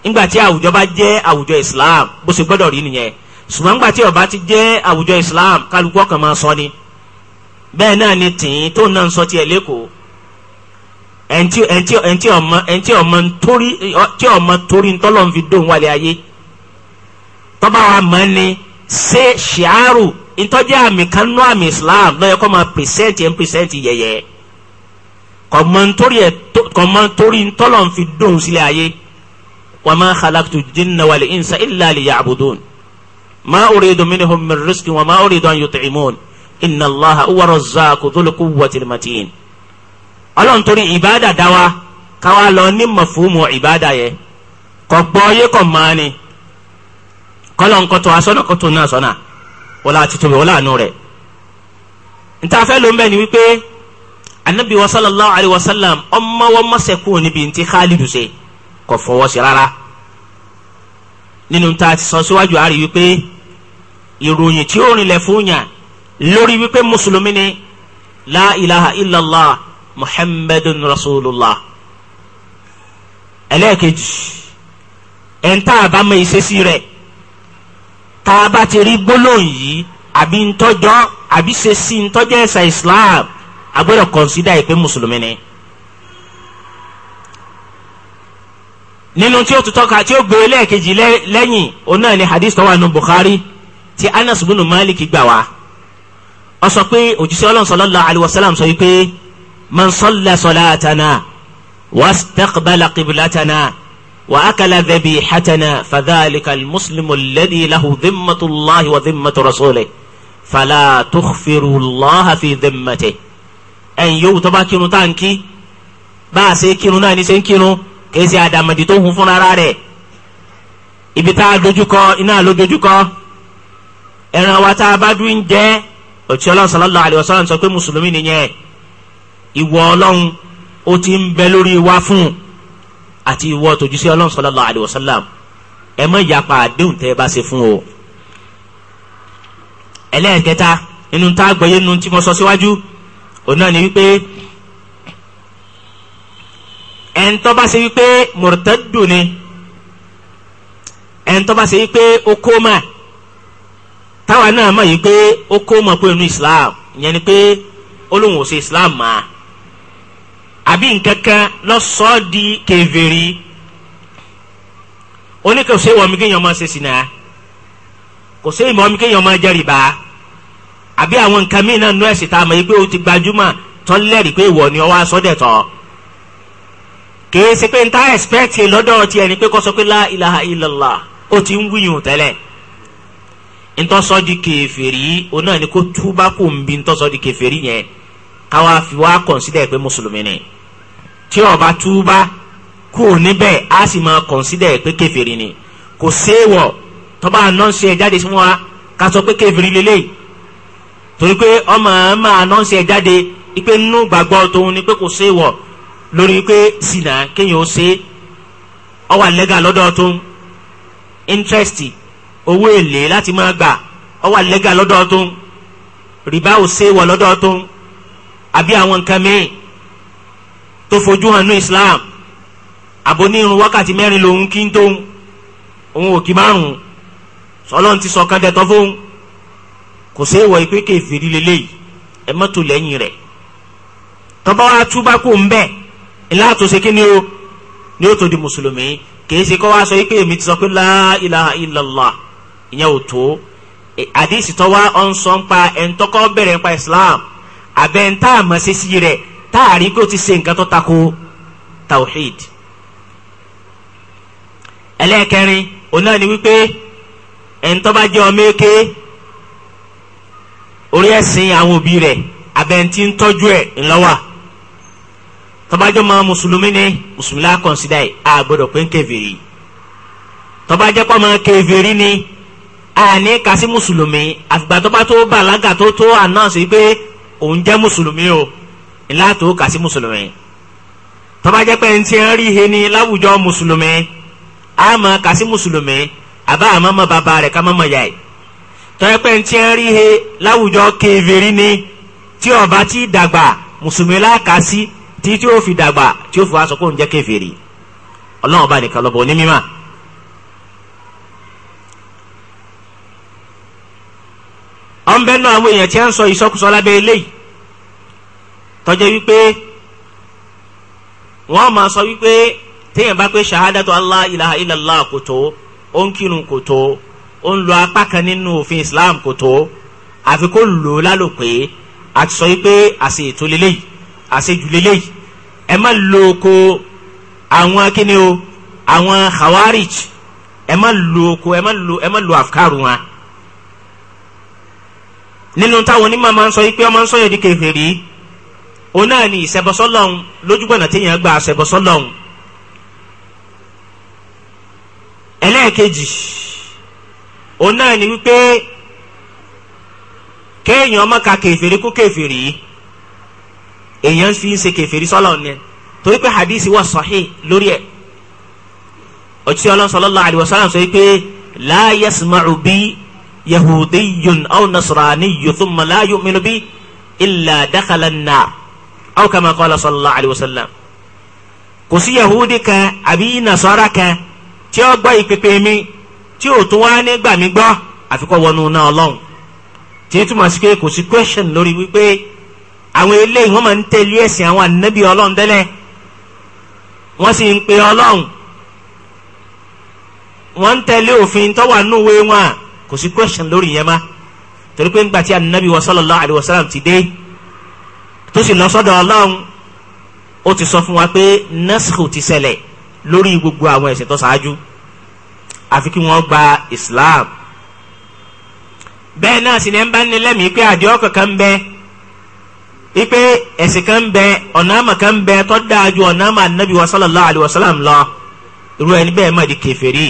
ńgbà tí àwùjọ bá jẹ́ àwùjọ islam bó ṣe gbọ́dọ̀ rí nìyẹn ṣùgbọ́n ńgbà tí ti jẹ́ àwùjọ islam kálukú ọkàn máa sọ ni bẹ́ẹ̀ náà ni tìǹ tó náà ń sọ tiẹ̀ lẹ́kọ̀ọ́ ẹ̀ǹtí ẹ̀ǹtí ẹ̀ǹtí ọmọ ẹ̀ǹtí ọmọ ntorí tí ọmọ torí ntọ́lọ́ fi dóhùn wálé ayé tọ́ba wa mọ̀ ni ṣé ṣiaru ntọ́jú àmì kan nú àmì islam lọ́yẹ kọ́ máa pèsèǹtì ẹ̀ ń pèsèǹtì kọ̀mọ́ntorí ntọ́lọ́n fi dóhùn sílẹ̀ ayé wa ma khalaqtu jinna wal insa illa liya'budun ma uridu minhum min rizqin wa ma uridu an yut'imun inna allaha huwa razzaqu dhul quwwatil matin. ọlọ́ntorí ìbáàdà dáwà káwa lọ ní mafhumu ìbáàdà yẹ kọ̀ gbọ́ yé kọ̀ máa ni kọlọ́nkọ́tọ̀ asọ́nàkọ́tọ̀ náà sọ́nà wọlá àti tòbí wọlá àánú rẹ̀ ntàfẹ́ ló ni wípé anabi wa sallallahu alayhi wa sallam ọmọ wọn ma sẹ kúrò níbi ntí khalidu ṣe kò fọwọ́ sí rárá nínú ta ti sọ síwájú àárí wípé ìròyìn tí ó rinlẹ̀ fún yàn lórí wípé mùsùlùmí ni la ilaha illallah muhammadun rasulullah ẹlẹ́ẹ̀kejì ẹ̀ńtà àbámọ̀ ìṣesí rẹ̀ tá a bá ti rí gbólóhùn yìí àbí ntọ́jọ́ àbí ṣe sí ntọ́jọ́ ẹ̀sà islam agbọ́dọ̀ kọnsida yìí pé mùsùlùmí ni nínú tí ó tutọ́ ka tí ó gbé lẹ́ẹ̀kejì lẹ́yìn òun náà ni hadith tó wà nínú Bukhari ti Anas bin Malik gbà wá ó sọ pé òjíṣẹ́ Ọlọ́run sallallahu alaihi wasallam sọ yìí pé man salla salatana wastaqbala qiblatana wa akala dhabihatana fadhalika almuslimu alladhi lahu dhimmatullahi wa dhimmatu rasulih fala tukhfirullaha fi ẹ̀yìn yòówù tó bá kírun tá à ń kí bá a ṣe kírun náà ní ṣe ń kírun kìí ṣe àdàmọ̀dì tó hun fúnra rẹ̀ ibi tá a dojúkọ iná ló dojúkọ ẹran wa tá a bá dún ń jẹ́ òtí ọlọ́run sallallahu alaihi wasallam sọ pé mùsùlùmí nìyẹn ìwọ ọlọ́run ó ti ń bẹ lórí wa fún àti ìwọ tòjúsí ọlọ́run sallallahu alaihi ẹ mọ ìyapa àdéhùn tẹ́ ẹ bá ṣe fún o ẹlẹ́ẹ̀kẹta nínú tá a gbọ́yé nínú tí mo sọ síwájú. Si òun náà ni wípé ẹni tó bá ṣe wípé mọ̀rọ̀tẹ́dù ni ẹni tó bá wípé ó táwa náà mọ̀ yìí pé ó kó inú Islam ìyẹn ni pé olóhùn ò ṣe Islam mà àbí nǹkan kan lọ́sọ̀ọ́ di kèfèrí oníkàwé ṣe wọ́n mi kéèyàn máa ṣe sí náà kò sí ìmọ̀ mi kéèyàn máa jẹ́ rìbá àbí àwọn nǹkan míì náà nú ẹ̀sìn tá a mọ̀ yìí pé o ti gbajúmọ̀ tán lẹ́rìí pé ìwọ ni ọwọ́ asọ́dẹ̀ tọ́ kìí ṣe pé n ta expect lọ́dọ̀ tiẹ̀ ni pé kó sọ pé la ilaha illallah ti ń wíyùn tẹ́lẹ̀ ntọ́sọ́ di kèfèrí o náà ni kó túbá kò ń bi ntọ́sọ́ di kèfèrí yẹn káwa fi wá consider pé mùsùlùmí ni tí ó bá túbá kò níbẹ̀ á sì máa consider pé kèfèrí ni kò séèwọ̀ tọ́ba náà ṣe jáde sí wọn ká sọ pé kèfèrí lélẹ́yìí torí pé ọmọ máa nọ́ọ̀sì ẹ̀ jáde ipe nínú gbàgbọ́ tòun ni pé kò ṣe wọ̀ lórí pé sinà kéèyàn ó ṣe ọwà lẹ́gà lọ́dọ̀ interest owó èlé láti máa gbà ọwà lẹ́gà lọ́dọ̀ tòun rìbá ò ṣe wọ̀ lọ́dọ̀ àbí àwọn nǹkan mìíràn tó fojú hàn Islam àbò ní irun wákàtí mẹ́rin lòun kí n tóun òun ò kí márùn-ún kò sí ìwọ ìpè kèfèrí lélẹ́yìí ẹ má tò lẹ́yìn rẹ̀ tọ́ba wa túbá kò ń bẹ̀ ńlá àtúnṣe kí ni o ni ó tó di mùsùlùmí kì í ṣe kọ́ wa sọ pé èmi ti sọ pé la ilaha illallah ìyẹn ò tó àdìsí tọ́ wa pa ẹ̀ńtọ́kọ́ bẹ̀rẹ̀ ń pa Islam àbẹ̀ ń tá àmọ́ sí sí rẹ̀ tá a rí pé ó ti ṣe nǹkan tó tako tawhid ẹlẹ́ẹ̀kẹrin òun ni wípé ẹ̀ńtọ́ bá jẹ́ ọmọ èké orí ẹ̀sìn àwọn òbí rẹ̀ abẹ́ntí ń tọ́jú ẹ̀ ńlọ́wà tọ́bájọ́ máa mùsùlùmí ni mùsùlùmí la consider ẹ̀ a gbọ́dọ̀ pé ń kèfèrí tọ́bájọ́ pọ̀ máa kèfèrí ni àní kasi mùsùlùmí àfìgbà tó bá tó bàlágà tó tó announce pé òun jẹ́ mùsùlùmí o ńlá tó kasi mùsùlùmí tọ́bájọ́ pé ń ti ń rí he ni láwùjọ mùsùlùmí a máa kasi mùsùlùmí àbá àmọ́ mọ́ bàbá rẹ̀ ká mọ́ mọ́ yá ẹ̀ tọ́yẹ pé ihe ń rí he láwùjọ kèfèrí ni tí ọba ti dàgbà mùsùlùmí láàkà sí tí tí ó fi dàgbà tí ó fi wá sọ pé òun jẹ́ kèfèrí ọlọ́run ọba nìkan lọ́bọ̀ ní mímà. ọ̀nbẹ́ náà àwọn èèyàn ń sọ lábẹ́ eléyìí wípé wọ́n máa sọ wípé téèyàn bá pé shahadatu Allah ilaha illallah kò tó ó ń lo apá kan nínú òfin islam kò tó àfi kó lò ó lálòpé àti sọ wípé àṣẹ ètò lélẹ́yìí àṣejù lélẹ́yìí ẹ má lo oko àwọn kíni o àwọn khawarij ẹ má lo oko ẹ má lo ẹ má lo afkaru wọn nínú táwọn onímọ̀ máa ń sọ pé ọmọ ń sọ yẹn di òun náà ni ìṣẹbọsọ́lọ́hún lójúgbọ̀nà téèyàn gba àṣẹbọsọ́lọ́hún ẹlẹ́ẹ̀kejì òun náà ni wípé kéèyàn ọmọ ka kèfèrí kú kèfèrí èèyàn fi ń ṣe kèfèrí sọ́lọ̀ ni torí pé hadith wà sahih lórí ẹ̀ òtí ọlọ́run sallallahu alaihi wasallam sọ wípé la yasma'u bi yahudiyun aw nasraniyun thumma la yu'minu bi illa dakhala an-nar aw kama qala sallallahu alaihi kò sí yahudi kan àbí nasara kan tí ó gbọ́ ìpèpè mi tí ò tún wá ní gbàmí gbọ́ àfikọ́ wọnú náà ọlọ́run tí ó túmọ̀ sí pé kò sí question lórí wípé àwọn eléyìí wọ́n máa ń tẹ̀lé ẹ̀sìn àwọn ànábì ọlọ́run tẹ́lẹ̀ wọ́n sì ń pe ọlọ́run wọ́n ń tẹ̀lé òfin tó wà nínú ìwé wọn kò sí question lórí yẹn má torí pé ńgbà tí ànábì wa sallallahu alaihi wasallam ti dé tó sì lọ sọ́dọ̀ ọlọ́run ó ti sọ fún wa pé nasikh ti ṣẹlẹ̀ lórí gbogbo àwọn ẹ̀sìn tó ṣáájú àfi kí wọ́n gba islam bẹ́ẹ̀ náà sì ní ẹ̀ ń bá ní lẹ́mìí pé àdìọ́ kankan bẹ ipe ẹ̀sìn kan bẹ ọ̀nà àmà kan bẹ tó dáa ju ọ̀nà àmà anabi wa sallallahu alayhi wa sallam lọ irú ẹni bẹ́ẹ̀ má di kèfèrí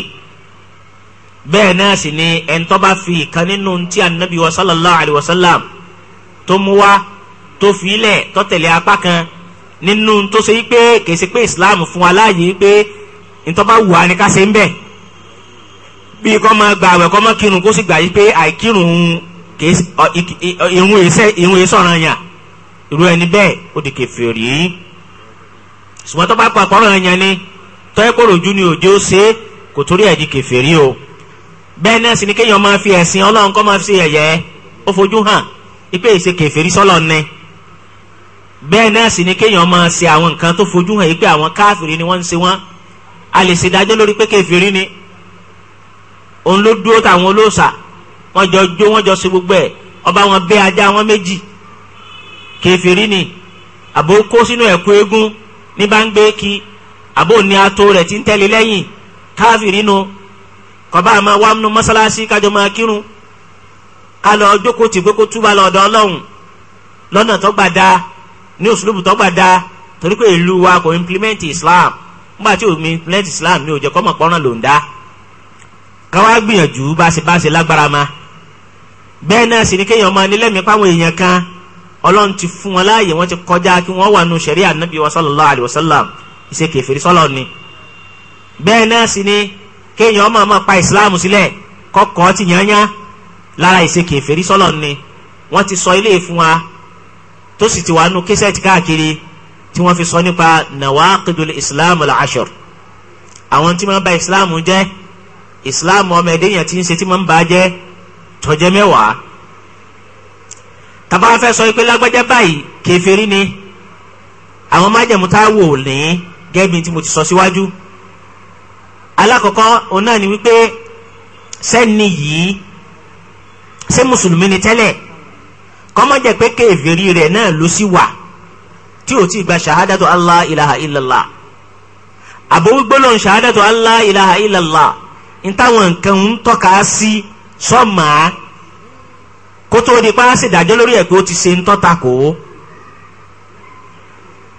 bẹ́ẹ̀ náà sì ni ẹni tó bá fi ìkan nínú ti anabi wa sallallahu alayhi wa sallam tó mú wá tó fi ilẹ̀ tó tẹ̀lé apá kan nínú tó ṣe yí kèsì pé islam fún wa láàyè pé ntọ́ wù á ní ká ṣe ń bẹ́ẹ̀ bí kọ́ máa gba àwẹ̀ kọ́ máa kírun kó sì gbà yí pé àìkírun irun èsẹ̀ irun èsẹ̀ ọ̀ràn yàn irú ẹni bẹ́ẹ̀ ó di kèfèrí ṣùgbọ́n tó bá pa àkọ́rọ̀ yẹn ni tọ́yẹ́ kó rojú ni òde ó ṣe kò torí ẹ̀ di kèfèrí o bẹ́ẹ̀ náà sì ni kéèyàn máa fi ẹ̀sìn ọlọ́run kọ́ máa fi ṣe yẹ̀yẹ́ ó fojú hàn ipe ìṣe kèfèrí sọ́lọ̀ ni bẹ́ẹ̀ náà sì ni kéèyàn máa ṣe àwọn nǹkan tó fojú hàn ipe àwọn káfìrí ni wọ́n ń ṣe wọ́n a ni òun ló dúró táwọn olóòṣà wọ́n jọ jó wọ́n jọ ṣe gbogbo ẹ̀ ọba wọn bẹ́ ajá wọn méjì kèfèrí ni àbò kó sínú ẹ̀kú eégún ní bá ń gbé kí àbò ní ato rẹ̀ ti ń tẹ̀lé lẹ́yìn káfìrí nu kọba àmọ́ wà nù mọ́sálásí kájọ máa kírun ká lọ jókòó kó túbà lọ ọ̀dọ̀ ọlọ́run lọ́nà tó gbà ní òṣùlùbù tó gbà torí pé ìlú wa kò implement Islam nígbà tí ò implement Islam ni ò jẹ́ kọ́mọ̀ pọ́nrán lòún dáa káwá gbìyànjú bá se bá ṣe lágbára ma bẹ́ẹ̀ náà sì ni kéèyàn máa ní lẹ́mìí páwọn èèyàn kan ọlọ́run ti fún wọn láàyè wọ́n ti kọjá kí wọ́n wà nù sẹ̀rí ànábì wa sallallahu alayhi wa sallam ìṣe kèfèrí sọ́lọ̀ ni bẹ́ẹ̀ náà sì ni kéèyàn máa máa pa ìsìláàmù sílẹ̀ kọ́kọ́ ti yányá lára ìṣe kèfèrí sọ́lọ̀ ni wọ́n ti sọ ilé fún wa tó sì ti wà nù késẹ́ẹ̀tì káàkiri tí wọ́n fi sọ nípa nawaqidul islam al-ashar àwọn tí wọ́n bà ìsìláàmù jẹ́ islam ọmọ ẹdẹ yẹn ti ń ṣe tí mo ń bá jẹ tọjẹ mẹ́wàá tàbá fẹ́ sọ pé lágbájá báyìí kèfèrí ni àwọn májẹ̀mú tá a wò ní gẹ́bí tí mo ti sọ síwájú alákọ̀ọ́kọ́ òun náà ni wípé sẹ́ni yìí ṣé mùsùlùmí ni tẹ́lẹ̀ kọ́mọ́jẹ̀ pé kèfèrí rẹ̀ náà ló sì wà tí o ti gba shahadatu allah ilaha illallah àbówí gbólóhùn shahadatu allah ilaha illallah ntáwọn nǹkan ń tọ́ka sí sọ́mà kó tó di pa ṣèdájọ́ lórí ẹ̀ pé ó ti ṣe ń tọ́ta kó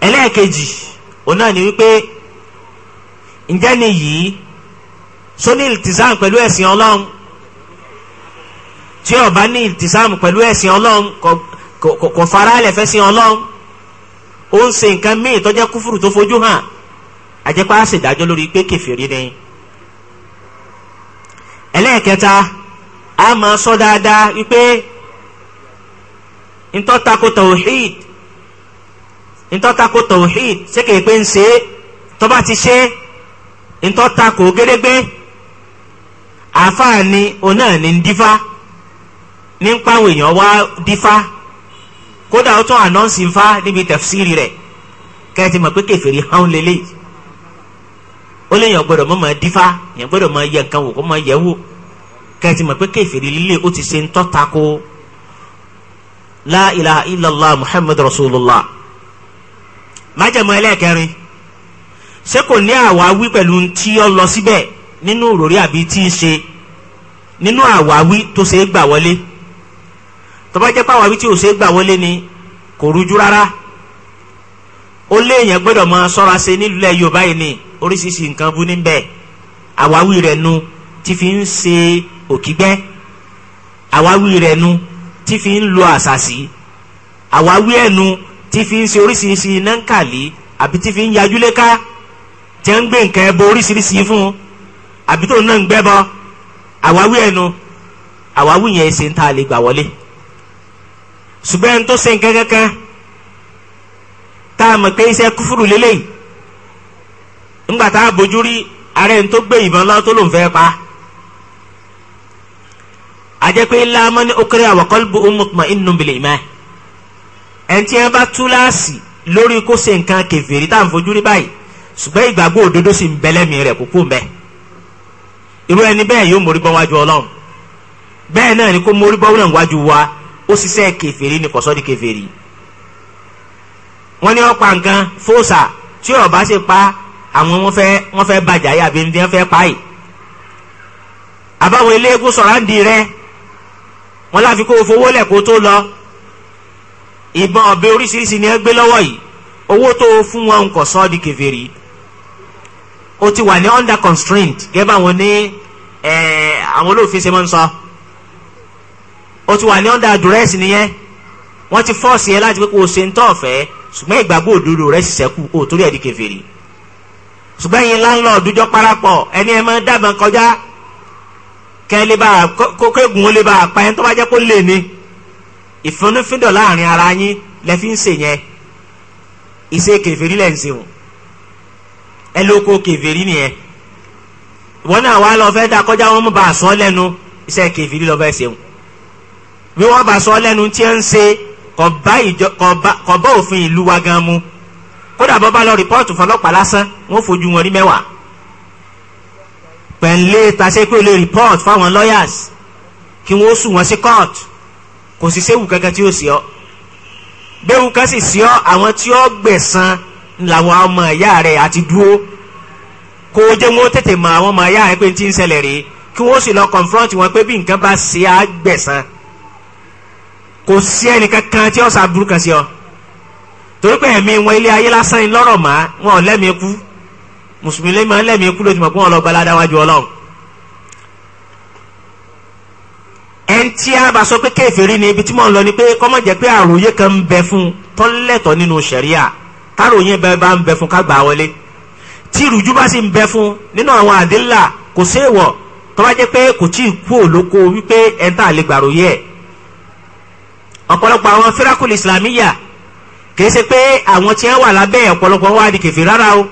ẹlẹ́ẹ̀kejì òun náà ni wípé ǹjẹ́ ni yìí sóní ìltìsáàmù pẹ̀lú ẹ̀sìn ọlọ́run tí ó bá ní ìltìsáàmù pẹ̀lú ẹ̀sìn ọlọ́run kò fara ẹ̀lẹ̀ fẹ́ sin ọlọ́run ó ń ṣe nǹkan míì tó jẹ́ tó fojú hàn àjẹpá ṣèdájọ́ lórí pé kèfèrí ni ẹlẹ́ẹ̀kẹta a máa sọ dáadáa wípé ntọ́tako tawhid ntọ́tako tawhid ṣé kèé pé ń ṣe é tọ́ba ti ṣe é ntọ́tako gédégbé àáfàá ni òun náà ní ń dífá ní ń pàwọn èèyàn wá dífá kódà ó tún ànọ́ǹsì ń fa níbi tẹ̀fsíìrì rẹ̀ kẹ́ẹ̀tì mọ̀ pé kèfèrí hàn lélẹ́yìí ó lè yàn gbọ́dọ̀ mọ máa dífá yàn gbọ́dọ̀ máa yẹ nǹkan wò kó máa yẹ wò kẹtì mọ̀ pé kẹfìrí líle ó ti ṣe ń tọ́ta kó la ilaha illallah muhammad rasulullah májẹ̀mú ẹlẹ́ẹ̀kẹrin ṣé kò ní àwáwí pẹ̀lú tí ó lọ síbẹ̀ nínú òròrí àbí tí ń ṣe nínú àwáwí tó ṣe é gbà wọlé tó bá àwáwí tí ò ṣe é gbà wọlé ni kò rújú rárá ó léèyàn gbọ́dọ̀ máa ṣọ́ra ṣe nílùú lẹ́yìn yorùbá yìí ni oríṣiríṣi nǹkan bú níbẹ̀ àwáwí rẹ̀ nu tí fi ń ṣe òkígbẹ́ àwáwí rẹ̀ nu tí fi ń lo àṣàṣì àwáwí ẹ̀nu tí fi ń ṣe oríṣiríṣi nánkàlí àbí tí fi ń yajúlé ká tẹ́ ń gbé nǹkan ẹbọ oríṣiríṣi fún un àbí tó náà ń gbẹ́bọ àwáwí ẹ̀nu àwáwí yẹn ṣe ń ta lè gbà wọlé ṣùgbọ́n tó ṣe nǹkan kankan tá a mọ̀ pé iṣẹ́ kúfúrú lélẹ́yìí mgbata tá a bójú rí ààrẹ ń tó gbé ìbọn lọ tó fẹ́ pa láàmú okere àwọ̀kọ́lùbù ọmọkùnmá inú bìlẹ̀ ìmọ̀ ẹ̀ bá túláàsì lórí kó ṣe nǹkan kẹfìrí tá à ń fojú báyìí ṣùgbọ́n ìgbàgbọ́ òdodo sì ń rẹ̀ kúkú bẹ́ẹ̀ yóò mórí bọ́ wájú ọlọ́run bẹ́ẹ̀ náà ni kó mórí bọ́ náà wájú wa ó ṣiṣẹ́ ni kọ̀sọ́ di wọ́n ní ọ̀pá nǹkan fóòsà àwọn wọn fẹ́ wọn fẹ́ bàjá yìí àbí ndí wọn fẹ́ pa yìí àbáwọn eléégún sọ̀ràǹdì rẹ wọn láfi kó o fowó lẹ̀ kó tó lọ ìbọn ọ̀bẹ oríṣiríṣi ni ẹ gbé lọ́wọ́ yìí owó tó o fún wọn kò sọ ọ́ di kèfèrí o ti wà ní under constraint gẹ́gẹ́ báwọn ní àwọn olóòfin ṣe máa ń sọ o ti wà ní under address nìyẹn wọ́n ti fọ́ọ̀sì ẹ láti pé kó o ṣe ń tọ́ ọ̀fẹ́ ṣùgbọ́n ìgbàgbọ́ òdodo rẹ ṣiṣẹ́ kú o torí ẹ̀ di kèfèrí ṣùgbọ́n yín láńlọ́ọ̀dù jọ parapọ̀ ẹni ẹ máa dábàá kọjá kẹ́ lè bá kókégùn ó lè bá apá ẹni tó bá jẹ́ kó lè ní ìfúnnúfíndọ̀ láàrin ara yín lẹ́ fi ń ṣe yẹn ìṣe kèfèrí lẹ́ ń ṣe wọn ẹ ló kó kèfèrí nìyẹn ìwọ náà wà lọ fẹ́ dá kọjá wọn mú bá a sọ lẹ́nu ìṣe kèfèrí lọ́ fẹ́ ṣe wọn bí wọ́n bá sọ lẹ́nu tí ń ṣe kò bá òfin ìlú wa gan mu kódà bọ́ bá lọ rìpọ́ọ̀tù fọlọ́pàá lásán wọ́n fojú wọn rí mẹ́wàá pẹ̀lẹ́ tàṣẹ pé o lè rìpọ́ọ̀tù fáwọn lawyers kí wọ́n sùn wọn sí kóòtù kò sì séwu kankan tí ó sì ọ́ bẹ́ẹ̀ kan sì sí ọ́ àwọn tí ó gbẹ̀san làwọn ọmọ ìyá rẹ̀ àti dúró kó o jẹ́ wọn tètè mọ àwọn ọmọ ìyá rẹ̀ pé ti ń ṣẹlẹ̀ rèé kí wọ́n sì lọ confront wọn pé bí nǹkan bá ṣe á gbẹ̀san kò sí ẹnìkan kan tí ó sàbúrú kan sí ọ torí pé ẹ̀mí wọn ilé ayé lásán ni lọ́rọ̀ má wọn ò lẹ́mìí kú mùsùlùmí lé máa ń lẹ́mìí kú lójúmọ̀ pé wọn lọ gbalada ọlọ́run. ẹn tí a bá sọ pé kéferì ni ibi tí mò ń lọ ni pé kọ́mọ̀ jẹ́ pé àròyé kan ń bẹ fún tọ́lẹ̀tọ̀ nínú sẹ̀ríà táròyé bẹ́ẹ̀ bá ń bẹ fún ká gbà wọlé tí ìrújú bá sì ń bẹ fún nínú àwọn àdínlà kò séèwọ̀ tó bá jẹ́ pé kò tí ì kú òlóko wípé lè gbàròyé ẹ̀ ọ̀pọ̀lọpọ̀ àwọn kìí ṣe pé àwọn tí wọ́n wà lábẹ́ ọ̀pọ̀lọpọ̀ wá di kèfèrí rárá o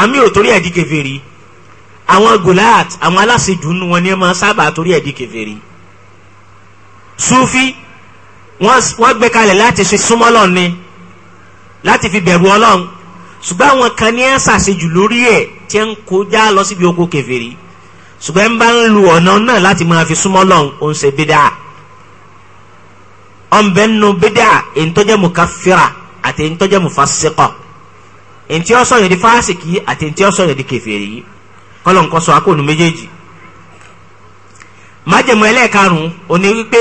àmì ò torí ẹ̀ di kèfèrí àwọn gulat àwọn aláṣejù nu wọn ni wọ́n sábà torí ẹ̀ di kèfèrí sufi wọ́n gbé kalẹ̀ láti ṣe súnmọ́ lọ́n ni láti fi bẹ̀rù ọlọ́run ṣùgbọ́n àwọn kan ní ẹ̀ ṣàṣejù lórí ẹ̀ tí ń kọjá lọ síbi oko kèfèrí ṣùgbọ́n ń bá ń lu ọ̀nà náà láti máa fi súnmọ́ lọ́n ò ṣe bídà ọ̀nbẹ́nu bídà èyí tó jẹ́ mùkàfíra àti ẹni tó jẹ́ mufasiqa ẹni tí ó sọ yẹn di fásikì àti ẹni tí ó sọ yẹn di kèfèrí kọ́lọ̀ nǹkan sọ akóònù méjèèjì májèmú ẹlẹ́ẹ̀karùn-ún òní wípé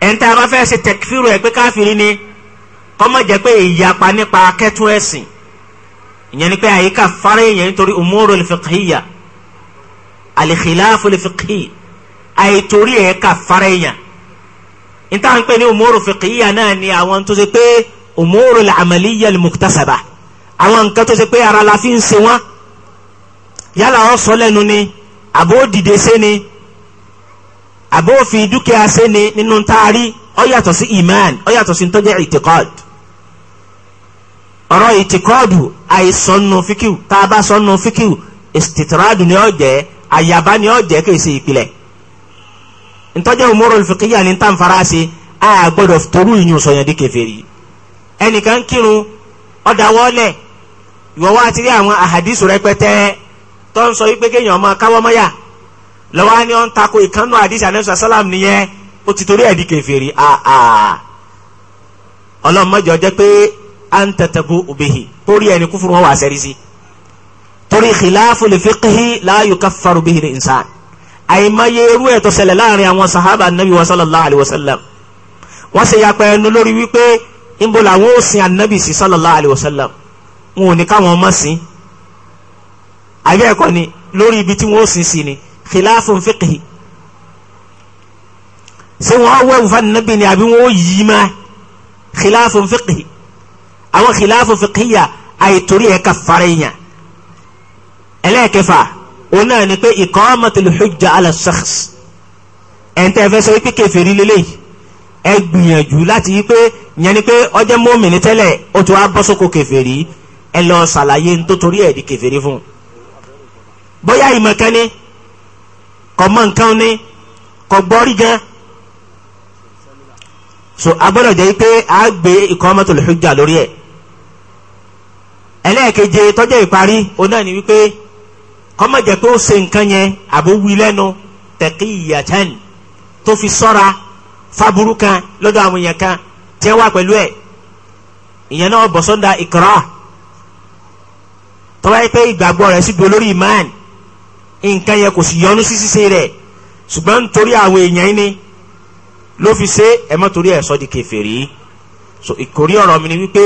ẹni tá a bá fẹ́ ṣe tẹkfíru ẹ̀ pé káfíìrì ni kọ́mọ jẹ́ pé ìyapa nípa akẹ́tún ẹ̀sìn ìyẹn ni pé àyíká fara èèyàn nítorí umuru al-fiqhiyya al-khilafu ẹ̀ka fara èèyàn níta ń pè ní umuru fiqhiyya náà ni àwọn tó ṣe pé umuru al-amaliyya al-muktasaba àwọn nǹkan tó ṣe pé ara la fi ń ṣe wọn yálà wọn sọ lẹ́nu ni àbó dìde ṣe ni àbó fi dúkìá ṣe ni nínú taari ó yàtọ̀ sí iman ó yàtọ̀ sí tó jẹ́ itikad ọ̀rọ̀ àìsọnù fíkìw tá a bá sọnù fíkìw ìsìtìtìrádù ni ó jẹ́ àyàbá ni ó jẹ́ kì í ṣe ìpìlẹ̀ ntọ́jẹ́ umoro fikiya ni ntàn farasi a gbọ́dọ̀ torú ìyún sọ̀yàn di kèfèrí ẹnìkan kírun ọ̀dà wọ́ọ̀lẹ̀ ìwọ wá ti rí àwọn àhàdísù rẹpẹtẹ tó ń sọ wípé kéèyàn ọmọ káwọ́mọ́yà lọ́wọ́ á ní ọ́n tako ìkànnù àdísì anẹ́sọ̀ sálàm nìyẹn ó ti torí ẹ̀ di kèfèrí àà ọlọ́mọdé ọjọ́ pé à ń tẹ̀tẹ̀gù òbèhì torí ẹni kúfùrù wọn wà sẹ́rí sí torí khilafu lè fiqhi la yukaffaru bihi àìmọye irú ẹ̀ tó ṣẹlẹ̀ láàrin àwọn sahaba anabi wa sallallahu alayhi wa sallam wọ́n ṣe yapa ẹnu lórí wípé níbo làwọn ò sin anabi sí sallallahu alayhi wa sallam wọn ò ní káwọn ọmọ sìn àyè ẹ̀kọ́ ni lórí ibi tí wọ́n ò sin sí ni khilafun fiqhi ṣé wọ́n á wẹ̀ wùfà nàbì ni àbí wọ́n ó yí ma khilafun fiqhi àwọn khilafun fiqhi yà àyè torí ẹ̀ ka fara yẹn ẹlẹ́ẹ̀kẹfà òun náà ni pé iqamatul hujja ala shakhs ẹ̀ǹtẹ́ ẹ fẹ́ sọ wípé kèfèrí lélẹ́yìí ẹ gbìyànjú láti yí pé yẹn ni pé ọjọ́ mọ́mìnì tẹ́lẹ̀ ó ti wá bọ́ sóko kèfèrí ẹ lọ ṣàlàyé ní tó torí ẹ̀ di kèfèrí fún un bóyá ìmọ̀kan ni kọ̀mọ́ nǹkan ni kọ̀gbọ́rí gan so agbọ́dọ̀ jẹ́ pé a gbé iqamatul hujja lórí ẹ̀ ẹlẹ́ẹ̀keje tọ́jọ́ ìparí òun ni wípé kọ́mọ jẹ́ pé ó ṣe nǹkan yẹn àbó wí lẹ́nu tẹ̀kí ìyàtẹ́ni tó fi sọ́ra fáburú kan lọ́dọ̀ àwọn èèyàn kan tí wọ́n wà pẹ̀lú ẹ̀ ìyẹn náà bọ̀ sọ́dà ìkọ́ra tọ́wọ́ yẹ pé ìgbàgbọ́ rẹ̀ sì do lórí imán nǹkan yẹn kò sì yọnu sí ṣíṣe rẹ̀ ṣùgbọ́n nítorí àwọn èèyàn ni ló fi ṣe ẹ̀ mọ́ torí ẹ̀ sọ́ di so ìkórí ọ̀rọ̀ mi ni wípé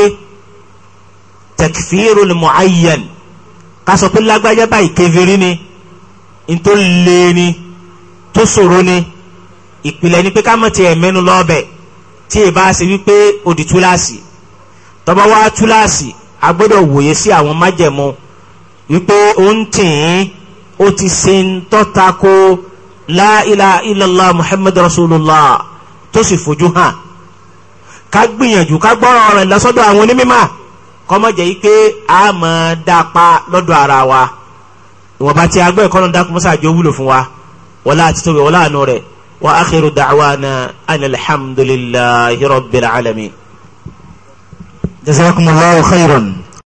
takfirul muayyan ká sọ pé lágbájá báyìí kèfèrí ni ntó le ni tó ṣòro ni ìpìlẹ̀ ni pé ká mọ̀ tiẹ̀ mẹ́nu lọ́ọ̀bẹ̀ tí ì bá ṣe wípé odi túláàsì tọ́ba wá túláàsì a gbọ́dọ̀ wòye sí àwọn májẹ̀mú wípé ó ń tìǹ ó ti ṣe ń tọ́ta ko la ilaha illallah muhammad rasulullah tó sì fojú hàn ká gbìyànjú ká gbọ́ràn rẹ̀ lọ́sọ́dọ̀ àwọn onímọ̀ kọ́mọ̀jẹ́ yìí pé a mọ̀ dápa lọ́dọ̀ ara wa ìwọ̀nba tí a gbọ́ ẹ̀kọ́ náà dákun mọ́sá àjọ wúlò fún wa wọlá àti tóbi wọlá àánú rẹ̀ wa akhiru da'wana anil hamdulillahi rabbil alamin. jazakumullahu khairan.